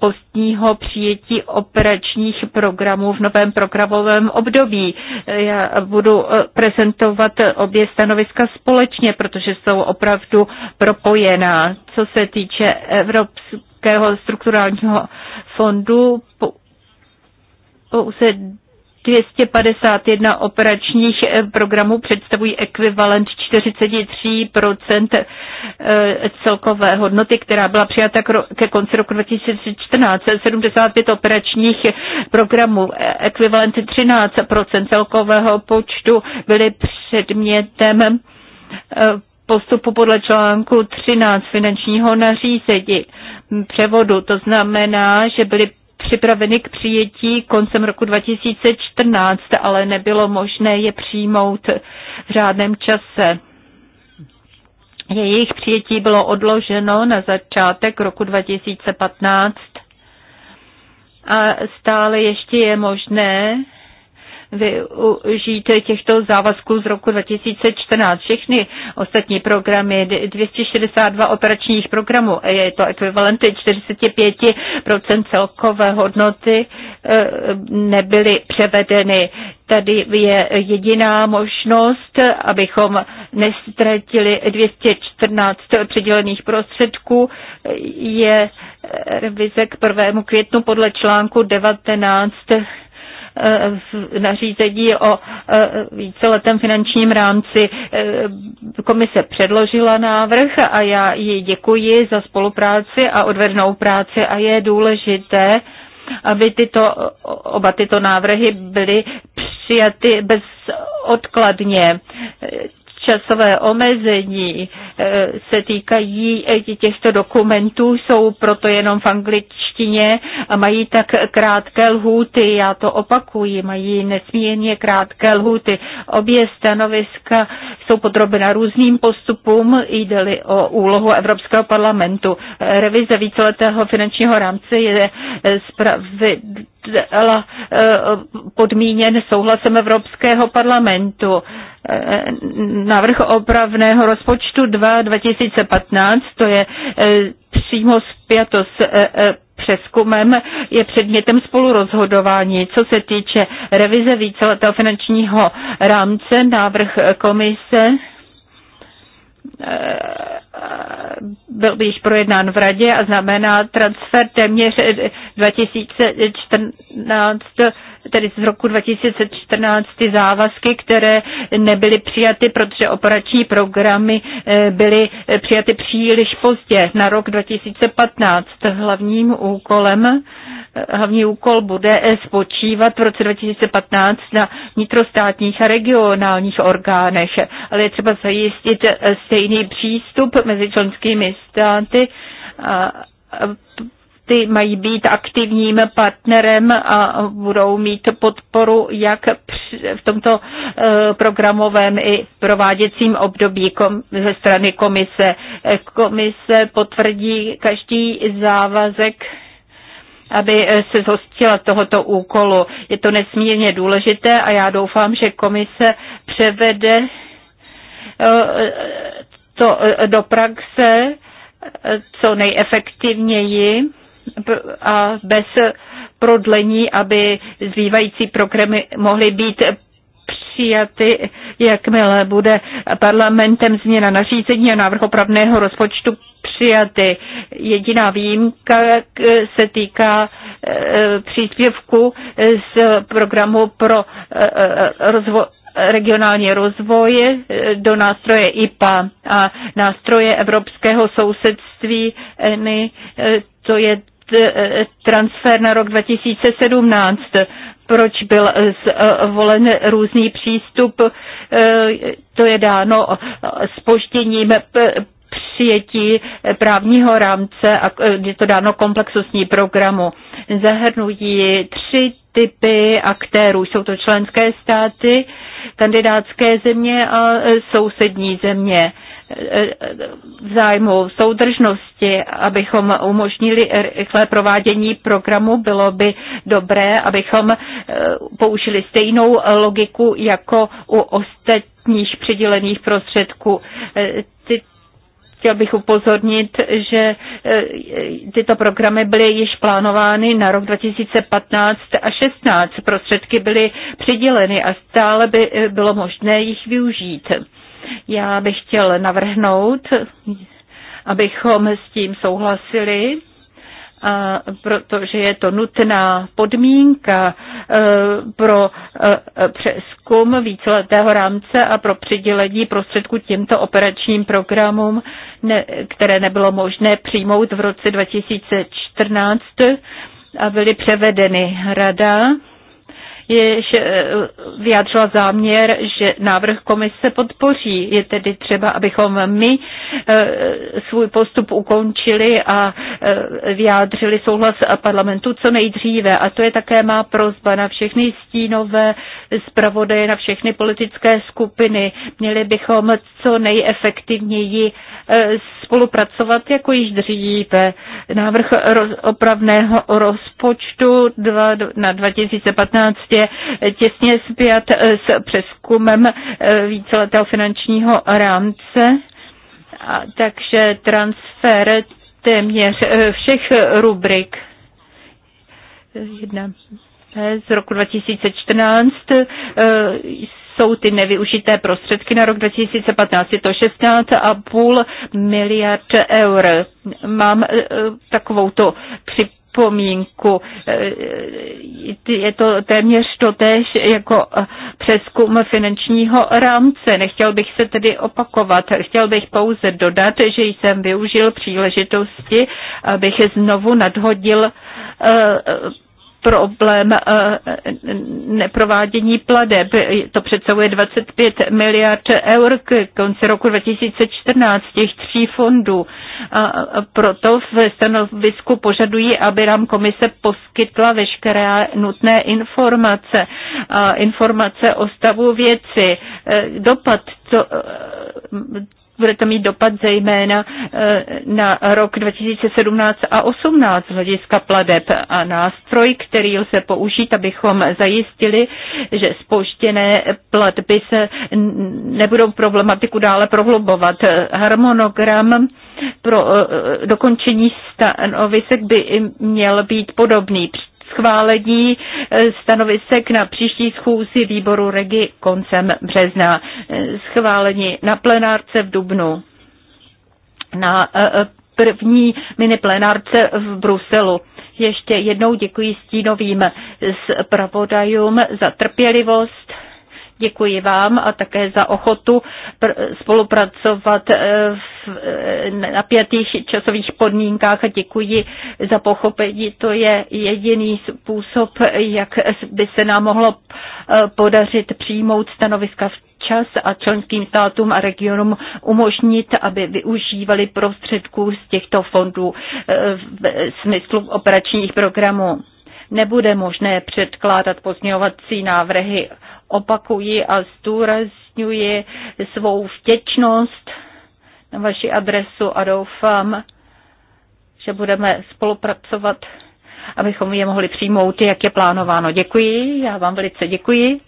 postního přijetí operačních programů v novém programovém období. Já budu prezentovat obě stanoviska společně, protože jsou opravdu propojená. Co se týče Evropského strukturálního fondu, pouze 251 operačních eh, programů představují ekvivalent 43% eh, celkové hodnoty, která byla přijata ke konci roku 2014. 75 operačních programů, eh, ekvivalent 13% celkového počtu, byly předmětem postupu podle článku 13 finančního nařízení převodu. To znamená, že byly připraveny k přijetí koncem roku 2014, ale nebylo možné je přijmout v řádném čase. Jejich přijetí bylo odloženo na začátek roku 2015 a stále ještě je možné využít těchto závazků z roku 2014. Všechny ostatní programy, 262 operačních programů, je to ekvivalent 45% celkové hodnoty, e, nebyly převedeny. Tady je jediná možnost, abychom nestratili 214 předělených prostředků, je revize k 1. květnu podle článku 19 nařízení o eh, víceletém finančním rámci. Eh, komise předložila návrh a já jí děkuji za spolupráci a odvednou práci a je důležité, aby tyto, oba tyto návrhy byly přijaty bezodkladně časové omezení eh, se týkají eh, těchto dokumentů, jsou proto jenom v angličtině a mají tak krátké lhůty, já to opakuji, mají nesmírně krátké lhůty. Obě stanoviska jsou podrobena různým postupům, jde-li o úlohu Evropského parlamentu. Revize víceletého finančního rámce je eh, podmíněn souhlasem Evropského parlamentu. Eh, návrh opravného rozpočtu 2 2015, to je eh, přímo zpěto s eh, přeskumem je předmětem spolurozhodování. Co se týče revize víceletého finančního rámce, návrh komise byl by již projednán v radě a znamená transfer téměř 2014 tedy z roku 2014 ty závazky, které nebyly přijaty, protože operační programy eh, byly eh, přijaty příliš pozdě na rok 2015. Hlavním úkolem eh, hlavní úkol bude spočívat v roce 2015 na vnitrostátních a regionálních orgánech, ale je třeba zajistit stejný přístup mezi členskými státy a ty mají být aktivním partnerem a budou mít podporu jak v tomto eh, programovém i prováděcím období ze strany komise. Komise potvrdí každý závazek aby eh, se zhostila tohoto úkolu. Je to nesmírně důležité a já doufám, že komise převede eh, to do praxe co nejefektivněji a bez prodlení, aby zbývající programy mohly být přijaty, jakmile bude parlamentem změna nařízení a návrh opravného rozpočtu přijaty. Jediná výjimka se týká e, příspěvku z programu pro e, e, rozvoj regionální rozvoj do nástroje IPA a nástroje evropského sousedství, to je transfer na rok 2017, proč byl zvolen různý přístup, to je dáno spožděním přijetí právního rámce a je to dáno komplexnostní programu. Zahrnují tři typy aktérů. Jsou to členské státy, kandidátské země a sousední země v zájmu soudržnosti, abychom umožnili rychlé provádění programu, bylo by dobré, abychom eh, použili stejnou logiku jako u ostatních přidělených prostředků. Eh, chtěl bych upozornit, že eh, tyto programy byly již plánovány na rok 2015 a 16. Prostředky byly přiděleny a stále by bylo možné jich využít. Já bych chtěl navrhnout, abychom s tím souhlasili, a protože je to nutná podmínka e, pro e, přeskum víceletého rámce a pro přidělení prostředku těmto operačním programům, které nebylo možné přijmout v roce 2014 a byly převedeny rada jež eh, vyjádřila záměr, že návrh komise podpoří. Je tedy třeba, abychom my eh, svůj postup ukončili a eh, vyjádřili souhlas parlamentu co nejdříve. A to je také má prozba na všechny stínové zpravodaje, na všechny politické skupiny. Měli bychom co nejefektivněji spolupracovat jako již dříve. Návrh opravného rozpočtu na 2015 je těsně zpět s přeskumem eh, víceletého finančního rámce. A, takže transfer téměř eh, všech rubrik. z roku 2014 eh, jsou ty nevyužité prostředky na rok 2015. Je to 16,5 miliard eur. Mám takovou to připomínku. E, e, je to téměř totéž jako e, přeskum finančního rámce. Nechtěl bych se tedy opakovat. Chtěl bych pouze dodat, že jsem využil příležitosti, abych znovu nadhodil problém eh, neprovádění pladeb. To představuje 25 miliard eur k konci roku 2014 těch tří fondů. A proto v stanovisku požadují, aby nám komise poskytla veškeré nutné informace. A informace o stavu věci, eh, dopad to, bude to mít dopad zejména e, na rok 2017 a 2018, z hlediska pladeb a nástroj, který lze použít, abychom zajistili, že spouštěné platby se nebudou problematiku dále prohlubovat. Harmonogram pro e, dokončení stanovisek by měl být podobný schválení eh, stanovisek na příští schůzi výboru Regi koncem března, eh, schválení na plenárce v Dubnu, na eh, první mini plenárce v Bruselu. Ještě jednou děkuji stínovým zpravodajům za trpělivost Děkuji vám a také za ochotu spolupracovat eh, v eh, napjatých časových podmínkách a děkuji za pochopení. To je jediný způsob, jak by se nám mohlo eh, podařit přijmout stanoviska čas a členským státům a regionům umožnit, aby využívali prostředků z těchto fondů v smyslu operačních programů nebude možné předkládat pozměňovací návrhy opakuji a zdůrazňuji svou vděčnost na vaši adresu a doufám, že budeme spolupracovat, abychom je mohli přijmout, jak je plánováno. Děkuji, já vám velice děkuji.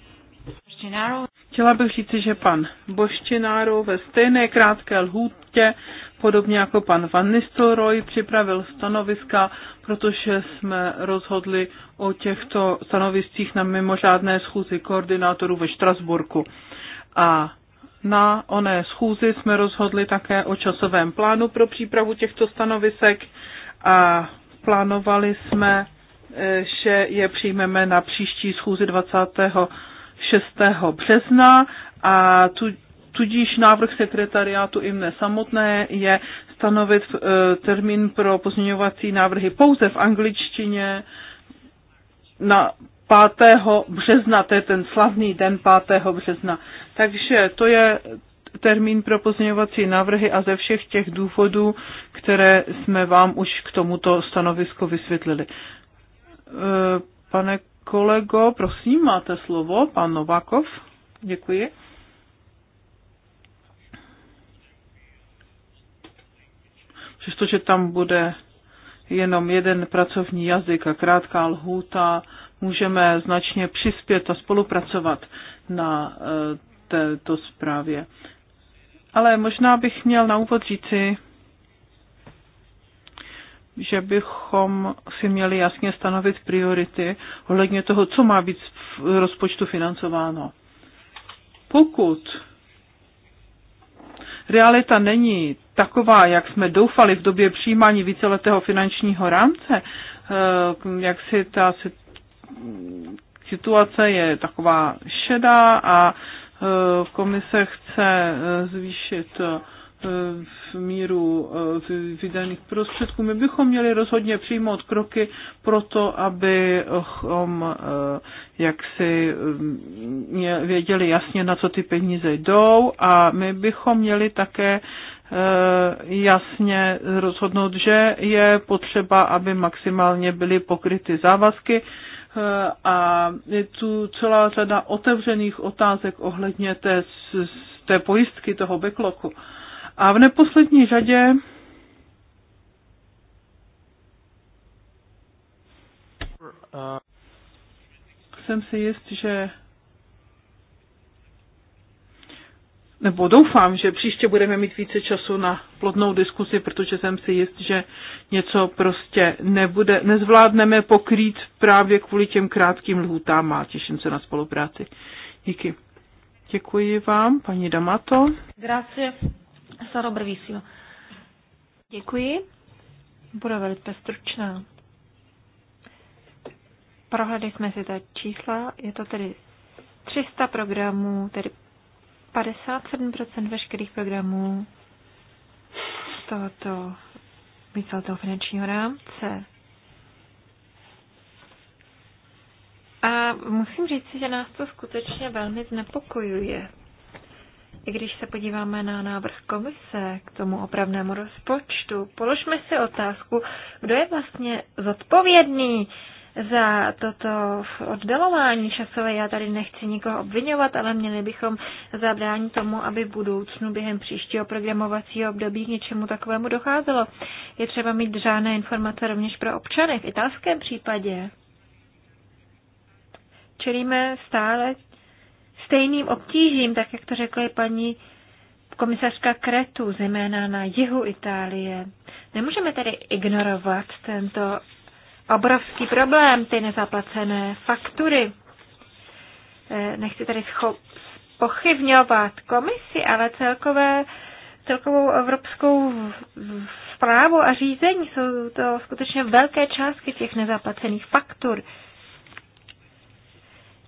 Chtěla bych říci, že pan Boštěnáro ve stejné krátké lhůtě podobně jako pan Van Nistelrooy připravil stanoviska, protože jsme rozhodli o těchto stanoviscích na mimořádné schůzi koordinátorů ve Štrasburku. A na oné schůzi jsme rozhodli také o časovém plánu pro přípravu těchto stanovisek a plánovali jsme, eh, že je přijmeme na příští schůzi 26. března a tu Tudíž návrh sekretariátu i mne samotné je stanovit eh, termín pro pozměňovací návrhy pouze v angličtině na 5. března, to je ten slavný den 5. března. Takže to je termín pro pozměňovací návrhy a ze všech těch důvodů, které jsme vám už k tomuto stanovisku vysvětlili. Eh, pane kolego, prosím, máte slovo, pan Novakov. Děkuji. přestože tam bude jenom jeden pracovní jazyk a krátká lhůta, můžeme značně přispět a spolupracovat na eh, této zprávě. Ale možná bych měl na úvod říci, že bychom si měli jasně stanovit priority ohledně toho, co má být v rozpočtu financováno. Pokud realita není taková, jak jsme doufali v době přijímání víceletého finančního rámce, eh, jak si ta situace je taková šedá a eh, komise chce eh, zvýšit v míru eh, vydaných prostředků. My bychom měli rozhodně přijmout kroky pro to, abychom eh, jaksi eh, věděli jasně, na co ty peníze jdou a my bychom měli také jasně rozhodnout, že je potřeba, aby maximálně byly pokryty závazky, a je tu celá řada otevřených otázek ohledně té, té pojistky, toho backlogu. A v neposlední řadě jsem si jist, že nebo doufám, že příště budeme mít více času na plodnou diskusi, protože jsem si jist, že něco prostě nebude, nezvládneme pokrýt právě kvůli těm krátkým lhůtám a těším se na spolupráci. Díky. Děkuji vám, paní Damato. Grazie sarò brevissimo. Děkuji. Bude velice stručná. Prohledali jsme si ta čísla, je to tedy 300 programů, tedy 57% veškerých programů tohoto toho finančního rámce. A musím říct, že nás to skutečně velmi znepokojuje. I když se podíváme na návrh komise k tomu opravnému rozpočtu, položme si otázku, kdo je vlastně zodpovědný za toto oddalování časové. Já tady nechci nikoho obvinovat, ale měli bychom zabránit tomu, aby v budoucnu během příštího programovacího období k něčemu takovému docházelo. Je třeba mít řádné informace rovněž pro občany v italském případě. Čelíme stále stejným obtížím, tak jak to řekla i paní komisařka Kretu, zejména na jihu Itálie. Nemůžeme tedy ignorovat tento obrovský problém, ty nezaplacené faktury. Eh, nechci tady pochybňovat komisi, ale celkové, celkovou evropskou zprávu a řízení jsou to skutečně velké částky těch nezaplacených faktur.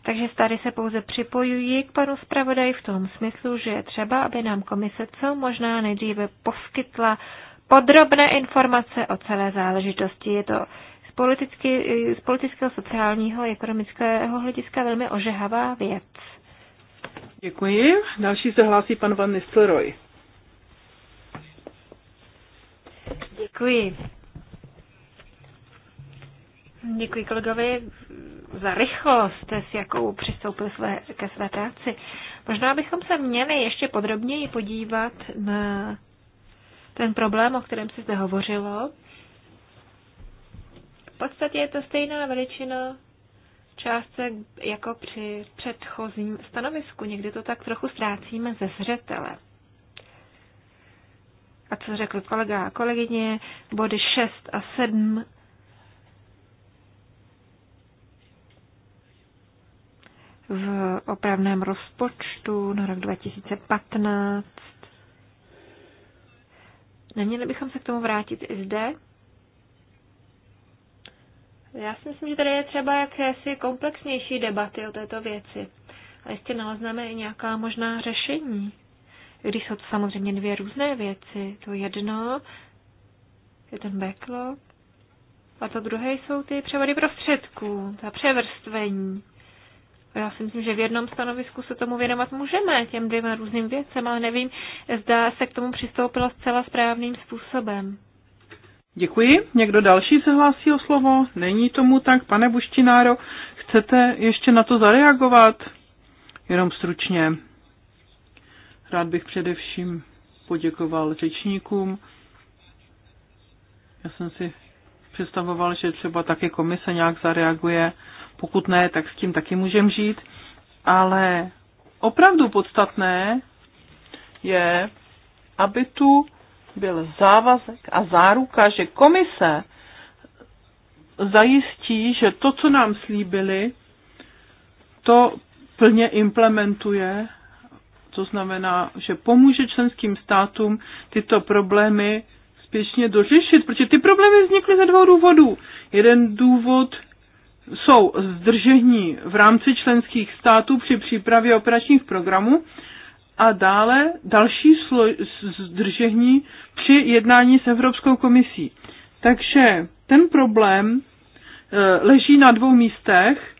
Takže tady se pouze připojuji k panu zpravodaji v tom smyslu, že je třeba, aby nám komise co možná nejdříve poskytla podrobné informace o celé záležitosti. Je to z, z politického, sociálního, ekonomického hlediska velmi ožehavá věc. Děkuji. Další se hlásí pan Van Nistelrooy. Děkuji. Děkuji kolegovi za rychlost, s jakou přistoupil své, ke své práci. Možná bychom se měli ještě podrobněji podívat na ten problém, o kterém se zde hovořilo. V podstatě je to stejná veličina částce jako při předchozím stanovisku. Někdy to tak trochu ztrácíme ze zřetele. A co řekl kolega a kolegyně, body 6 a 7 v opravném rozpočtu na rok 2015. Neměli bychom se k tomu vrátit i zde? Já si myslím, že tady je třeba jakési komplexnější debaty o této věci. A jistě nalezneme i nějaká možná řešení. Když jsou to samozřejmě dvě různé věci. To jedno je ten backlog a to druhé jsou ty převody prostředků, ta převrstvení. Já si myslím, že v jednom stanovisku se tomu věnovat můžeme, těm dvěma různým věcem, ale nevím, zda se k tomu přistoupilo zcela správným způsobem. Děkuji. Někdo další se hlásí o slovo? Není tomu tak, pane Buštináro. Chcete ještě na to zareagovat? Jenom stručně. Rád bych především poděkoval řečníkům. Já jsem si představoval, že třeba taky komise nějak zareaguje pokud ne, tak s tím taky můžeme žít. Ale opravdu podstatné je, aby tu byl závazek a záruka, že komise zajistí, že to, co nám slíbili, to plně implementuje. To znamená, že pomůže členským státům tyto problémy spěšně dořešit, protože ty problémy vznikly ze dvou důvodů. Jeden důvod jsou zdržení v rámci členských států při přípravě operačních programů a dále další zdržení při jednání s Evropskou komisí. Takže ten problém e, leží na dvou místech,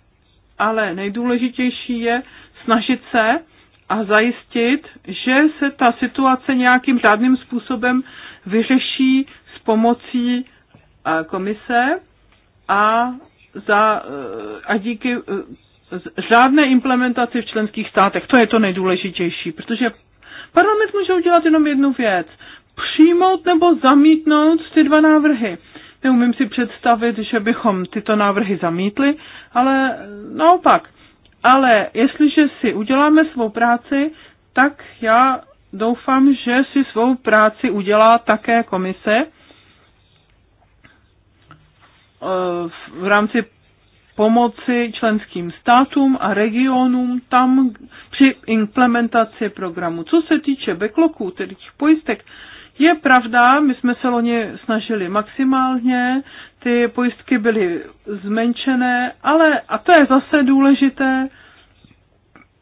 ale nejdůležitější je snažit se a zajistit, že se ta situace nějakým řádným způsobem vyřeší s pomocí e, komise a za, eh, a díky eh, řádné implementaci v členských státech. To je to nejdůležitější, protože parlament může udělat jenom jednu věc. Přijmout nebo zamítnout ty dva návrhy. Neumím si představit, že bychom tyto návrhy zamítli, ale naopak. Ale jestliže si uděláme svou práci, tak já doufám, že si svou práci udělá také komise v rámci pomoci členským státům a regionům tam při implementaci programu. Co se týče backlogů, tedy těch pojistek, je pravda, my jsme se loni snažili maximálně, ty pojistky byly zmenšené, ale, a to je zase důležité,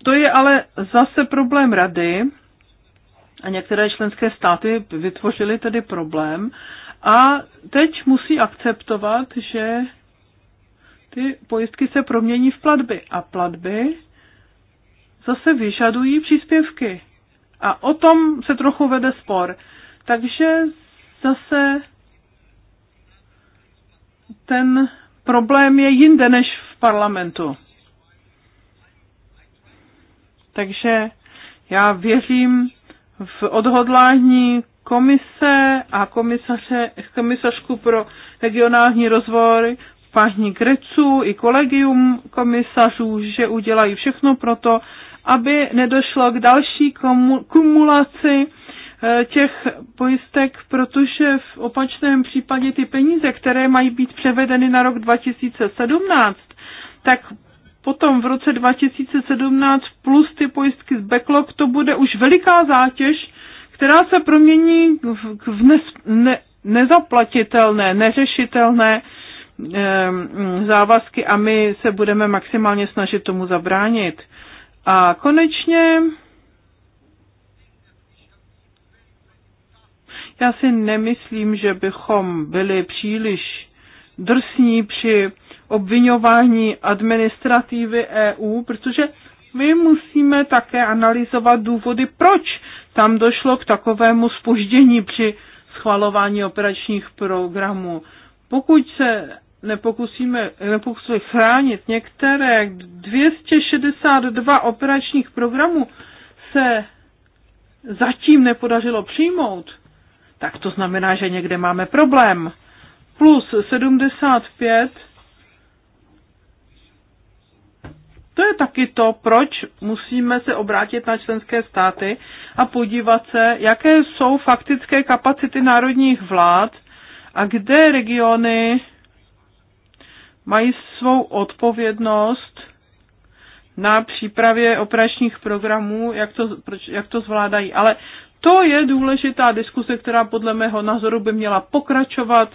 to je ale zase problém rady, a některé členské státy vytvořily tedy problém a teď musí akceptovat, že ty pojistky se promění v platby. A platby zase vyžadují příspěvky. A o tom se trochu vede spor. Takže zase ten problém je jinde než v parlamentu. Takže já věřím v odhodlání komise a komisaře, komisařku pro regionální rozvoj paní Grecu i kolegium komisařů, že udělají všechno pro to, aby nedošlo k další kumulaci eh, těch pojistek, protože v opačném případě ty peníze, které mají být převedeny na rok 2017, tak potom v roce 2017 plus ty pojistky z backlog, to bude už veliká zátěž která se promění v nes, ne, nezaplatitelné, neřešitelné závazky a my se budeme maximálně snažit tomu zabránit. A konečně já si nemyslím, že bychom byli příliš drsní při obvinování administrativy EU, protože my musíme také analyzovat důvody, proč tam došlo k takovému spoždění při schvalování operačních programů. Pokud se nepokusíme, nepokusíme chránit některé 262 operačních programů se zatím nepodařilo přijmout, tak to znamená, že někde máme problém. Plus 75 To je taky to, proč musíme se obrátit na členské státy a podívat se, jaké jsou faktické kapacity národních vlád a kde regiony mají svou odpovědnost na přípravě operačních programů, jak to, jak to zvládají. Ale to je důležitá diskuse, která podle mého názoru by měla pokračovat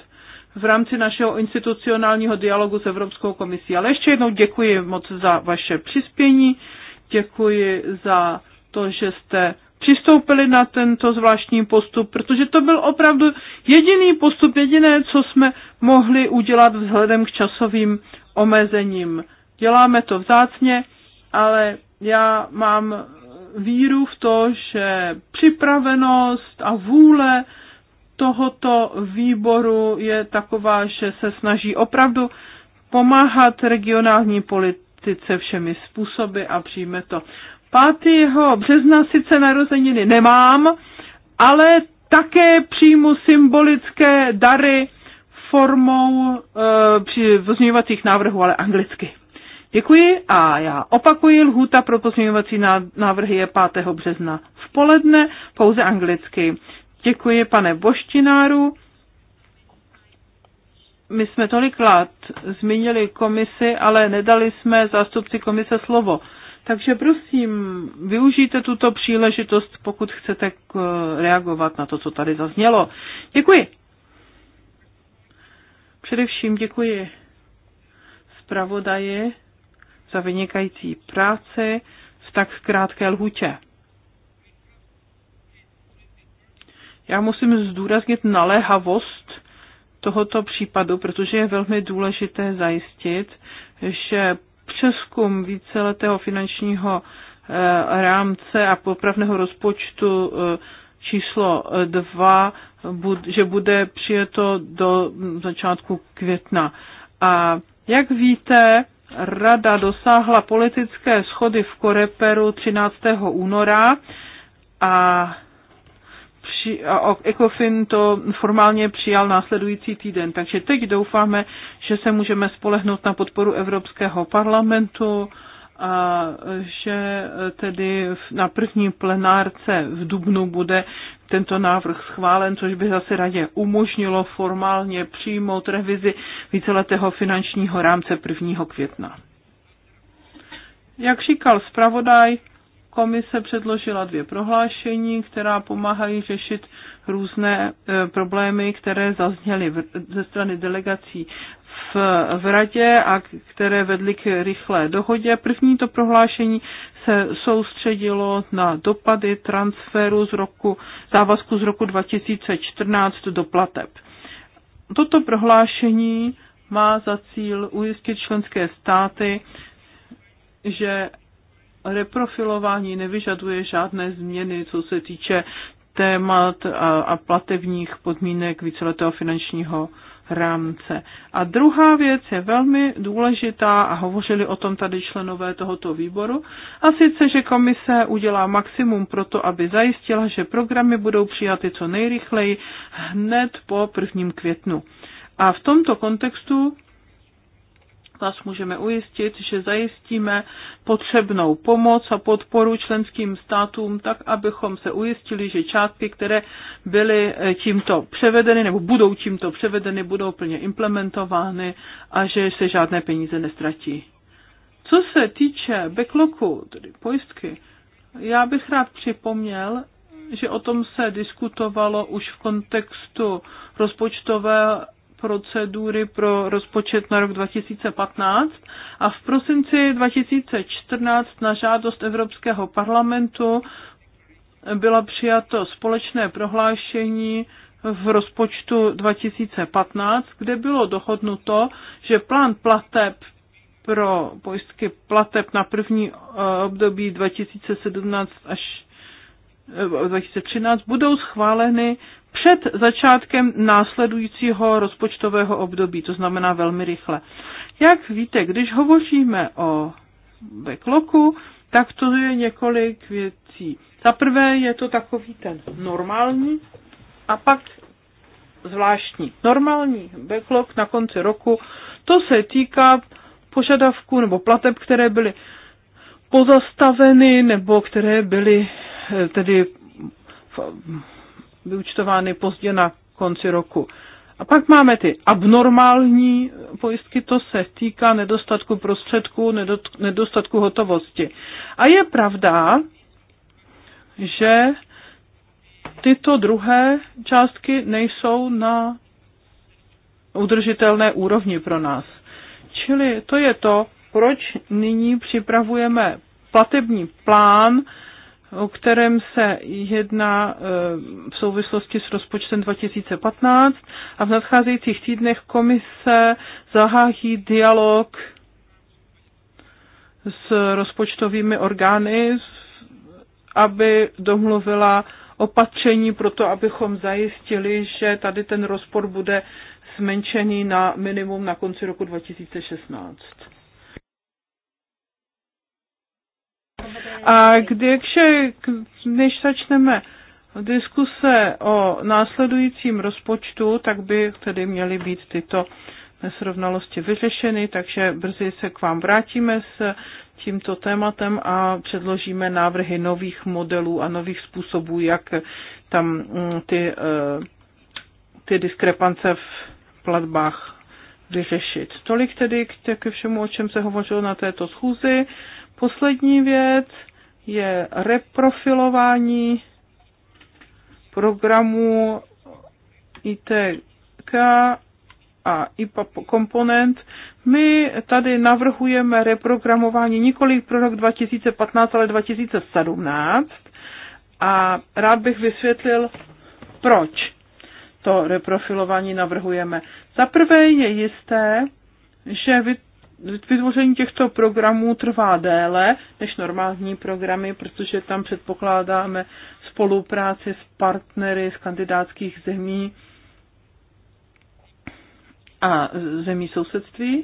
v rámci našeho institucionálního dialogu s Evropskou komisí. Ale ještě jednou děkuji moc za vaše přispění, děkuji za to, že jste přistoupili na tento zvláštní postup, protože to byl opravdu jediný postup, jediné, co jsme mohli udělat vzhledem k časovým omezením. Děláme to vzácně, ale já mám víru v to, že připravenost a vůle tohoto výboru je taková, že se snaží opravdu pomáhat regionální politice všemi způsoby a přijme to. 5. března sice narozeniny nemám, ale také přijmu symbolické dary formou e, pozměňovacích návrhů, ale anglicky. Děkuji a já opakuji, lhůta pro pozměňovací návrhy je 5. března v poledne, pouze anglicky. Děkuji, pane Boštináru. My jsme tolikrát zmínili komisi, ale nedali jsme zástupci komise slovo. Takže prosím, využijte tuto příležitost, pokud chcete reagovat na to, co tady zaznělo. Děkuji. Především děkuji zpravodaji za vynikající práci v tak krátké lhutě. Já musím zdůraznit naléhavost tohoto případu, protože je velmi důležité zajistit, že přeskum víceletého finančního eh, rámce a popravného rozpočtu eh, číslo 2, eh, že bude přijeto do hm, začátku května. A jak víte, Rada dosáhla politické schody v Koreperu 13. února a při, a ECOFIN to formálně přijal následující týden. Takže teď doufáme, že se můžeme spolehnout na podporu Evropského parlamentu a že e, tedy na první plenárce v Dubnu bude tento návrh schválen, což by zase radě umožnilo formálně přijmout revizi víceletého finančního rámce 1. května. Jak říkal zpravodaj, Komise předložila dvě prohlášení, která pomáhají řešit různé e, problémy, které zazněly ze strany delegací v, v radě a které vedly k rychlé dohodě. První to prohlášení se soustředilo na dopady transferu z roku, závazku z roku 2014 do plateb. Toto prohlášení má za cíl ujistit členské státy, že reprofilování nevyžaduje žádné změny, co se týče témat a, a platebních podmínek víceletého finančního rámce. A druhá věc je velmi důležitá a hovořili o tom tady členové tohoto výboru, a sice, že komise udělá maximum pro to, aby zajistila, že programy budou přijaty co nejrychleji hned po 1. květnu. A v tomto kontextu vás můžeme ujistit, že zajistíme potřebnou pomoc a podporu členským státům tak, abychom se ujistili, že částky, které byly eh, tímto převedeny nebo budou tímto převedeny, budou plně implementovány a že se žádné peníze nestratí. Co se týče backlogu, tedy pojistky, já bych rád připomněl, že o tom se diskutovalo už v kontextu rozpočtové procedury pro rozpočet na rok 2015 a v prosinci 2014 na žádost Evropského parlamentu bylo přijato společné prohlášení v rozpočtu 2015, kde bylo dohodnuto, že plán plateb pro pojistky plateb na první eh, období 2017 až 2013 budou schváleny před začátkem následujícího rozpočtového období, to znamená velmi rychle. Jak víte, když hovoříme o backlogu, tak to je několik věcí. Za prvé je to takový ten normální a pak zvláštní. Normální backlog na konci roku, to se týká požadavků nebo plateb, které byly pozastaveny nebo které byly eh, tedy vyučtovány pozdě na konci roku. A pak máme ty abnormální pojistky, to se týká nedostatku prostředků, nedostatku hotovosti. A je pravda, že tyto druhé částky nejsou na udržitelné úrovni pro nás. Čili to je to, proč nyní připravujeme platební plán, o kterém se jedná eh, v souvislosti s rozpočtem 2015 a v nadcházejících týdnech komise zahájí dialog s rozpočtovými orgány, aby domluvila opatření pro to, abychom zajistili, že tady ten rozpor bude zmenšený na minimum na konci roku 2016. A když, než začneme diskuse o následujícím rozpočtu, tak by tedy měly být tyto nesrovnalosti vyřešeny, takže brzy se k vám vrátíme s tímto tématem a předložíme návrhy nových modelů a nových způsobů, jak tam mm, ty, eh, ty diskrepance v platbách vyřešit. Tolik tedy k všemu, o čem se hovořilo na této schůzi Poslední věc je reprofilování programů ITK a IPA komponent. My tady navrhujeme reprogramování nikoli pro rok 2015, ale 2017 a rád bych vysvětlil, proč to reprofilování navrhujeme. Za prvé je jisté, že vytvoření těchto programů trvá déle než normální programy, protože tam předpokládáme spolupráci s partnery z kandidátských zemí a zemí sousedství.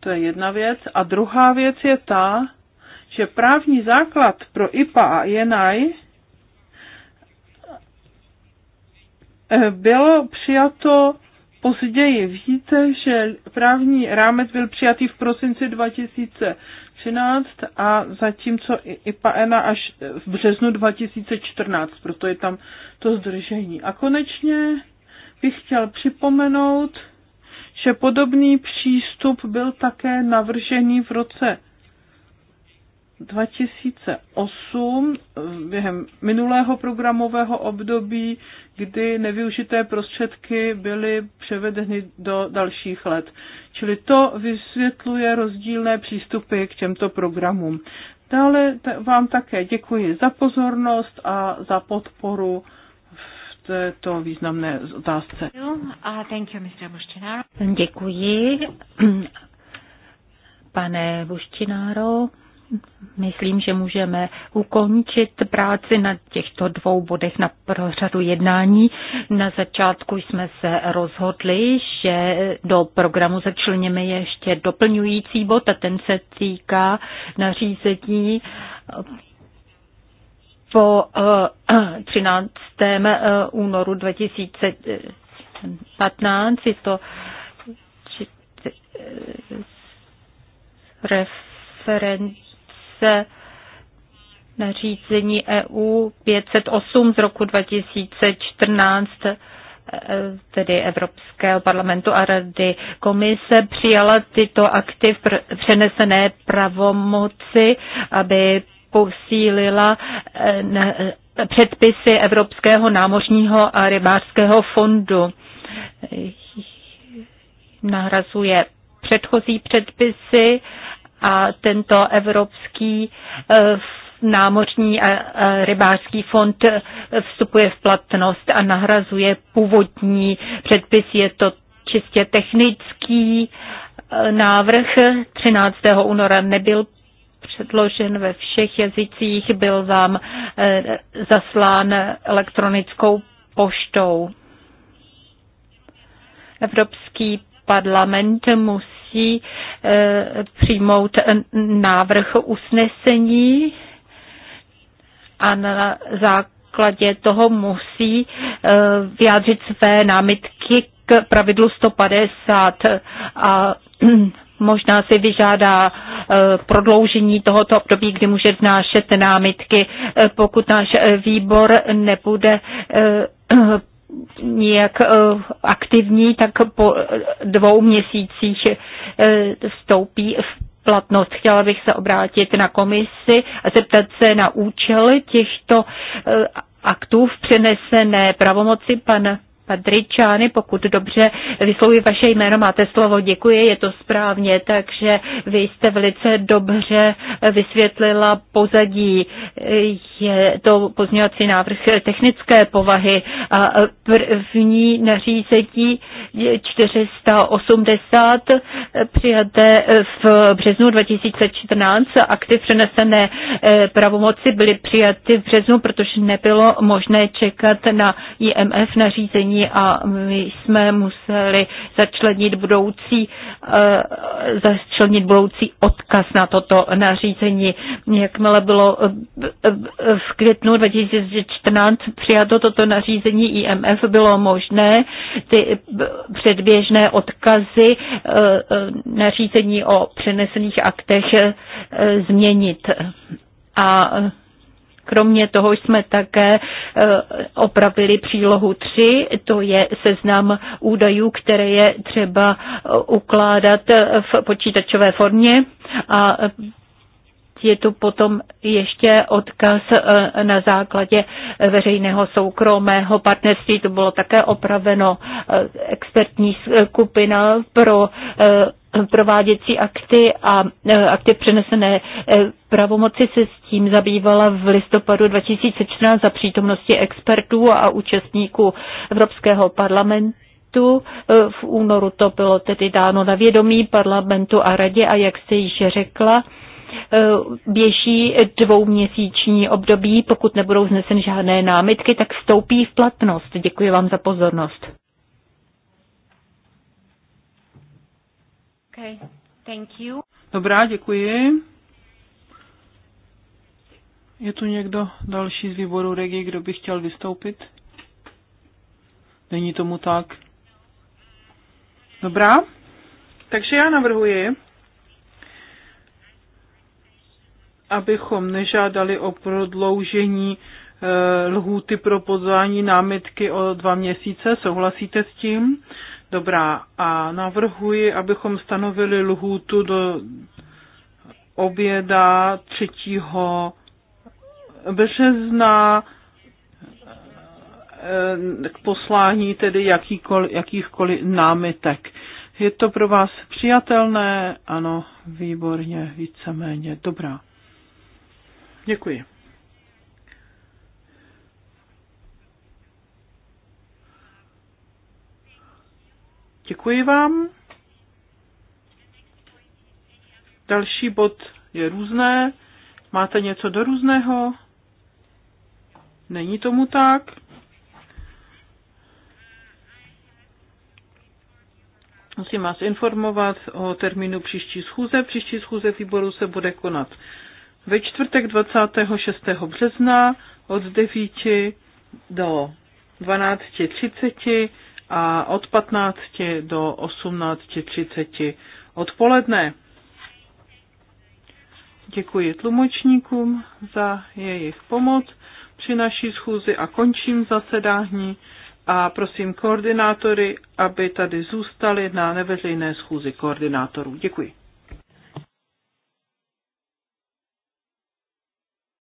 To je jedna věc. A druhá věc je ta, že právní základ pro IPA a jenaj eh, bylo přijato později. Víte, že právní rámec byl přijatý v prosinci 2013 a zatímco IPA ENA až v březnu 2014, proto je tam to zdržení. A konečně bych chtěl připomenout, že podobný přístup byl také navržený v roce 2008 eh, během minulého programového období, kdy nevyužité prostředky byly převedeny do dalších let. Čili to vysvětluje rozdílné přístupy k těmto programům. Dále vám také děkuji za pozornost a za podporu v této významné otázce. Děkuji, [clears throat] pane Buštináro myslím, že můžeme ukončit práci na těchto dvou bodech na pořadu jednání. Na začátku jsme se rozhodli, že do programu začleněme ještě doplňující bod a ten se týká nařízení po 13. Eh, [clears throat] eh, únoru 2015. Je to eh, referent se nařízení EU 508 z roku 2014 e, tedy Evropského parlamentu a rady. Komise přijala tyto v přenesené pravomoci, aby posílila e, předpisy Evropského námořního a rybářského fondu. Nahrazuje předchozí předpisy a tento Evropský eh, námořní a rybářský fond eh, vstupuje v platnost a nahrazuje původní předpis. Je to čistě technický eh, návrh. 13. února nebyl předložen ve všech jazycích, byl vám zaslán elektronickou poštou. Evropský parlament musí musí eh, přijmout návrh usnesení a na základě toho musí eh, vyjádřit své námitky k pravidlu 150 a [clears throat] možná si vyžádá eh, prodloužení tohoto období, kdy může vnášet námitky, pokud náš výbor nebude nějak eh, aktivní, tak po dvou měsících eh, vstoupí v platnost. Chtěla bych se obrátit na komisi a zeptat se na účel těchto eh, aktů v přenesené pravomoci. Pan Padričány, pokud dobře vyslovuji vaše jméno, máte slovo, děkuji, je to správně, takže vy jste velice dobře vysvětlila pozadí. Je to pozměňovací návrh technické povahy a první nařízení 480 přijaté v březnu 2014. Akty přenesené pravomoci byly přijaty v březnu, protože nebylo možné čekat na IMF nařízení jednání a my jsme museli začlenit budoucí, eh, začlenit budoucí odkaz na toto nařízení. Jakmile bylo eh, eh, v květnu 2014 přijato toto nařízení IMF, bylo možné ty předběžné odkazy nařízení o přenesených aktech změnit. A Kromě toho jsme také eh, opravili přílohu 3, to je seznam údajů, které je třeba eh, ukládat eh, v počítačové formě a je tu potom ještě odkaz na základě veřejného soukromého partnerství. To bylo také opraveno expertní skupina pro prováděcí akty a e, akty přenesené e, pravomoci se s tím zabývala v listopadu 2014 za přítomnosti expertů a účastníků Evropského parlamentu Tu e, V únoru to bylo tedy dáno na vědomí parlamentu a radě a jak jste již řekla, běží dvouměsíční období, pokud nebudou zneseny žádné námitky, tak vstoupí v platnost. Děkuji vám za pozornost. Okay, thank you. Dobrá, děkuji. Je tu někdo další z výboru regi, kdo by chtěl vystoupit? Není tomu tak. Dobrá, takže já navrhuji, abychom nežádali o prodloužení eh, lhůty pro pozvání námitky o dva měsíce. Souhlasíte s tím? Dobrá, a navrhuji, abychom stanovili lhůtu do oběda 3. března eh, k poslání tedy jakýkoliv, jakýchkoliv námitek. Je to pro vás přijatelné? Ano, výborně, víceméně, dobrá. Děkuji. Děkuji vám. Další bod je různé. Máte něco do různého? Není tomu tak? Musím vás informovat o termínu příští schůze. Příští schůze výboru se bude konat ve čtvrtek 26. března od 9 do 12.30 a od 15 do 18.30 odpoledne. Děkuji tlumočníkům za jejich pomoc při naší schůzi a končím zasedání a prosím koordinátory, aby tady zůstali na neveřejné schůzi koordinátorů. Děkuji.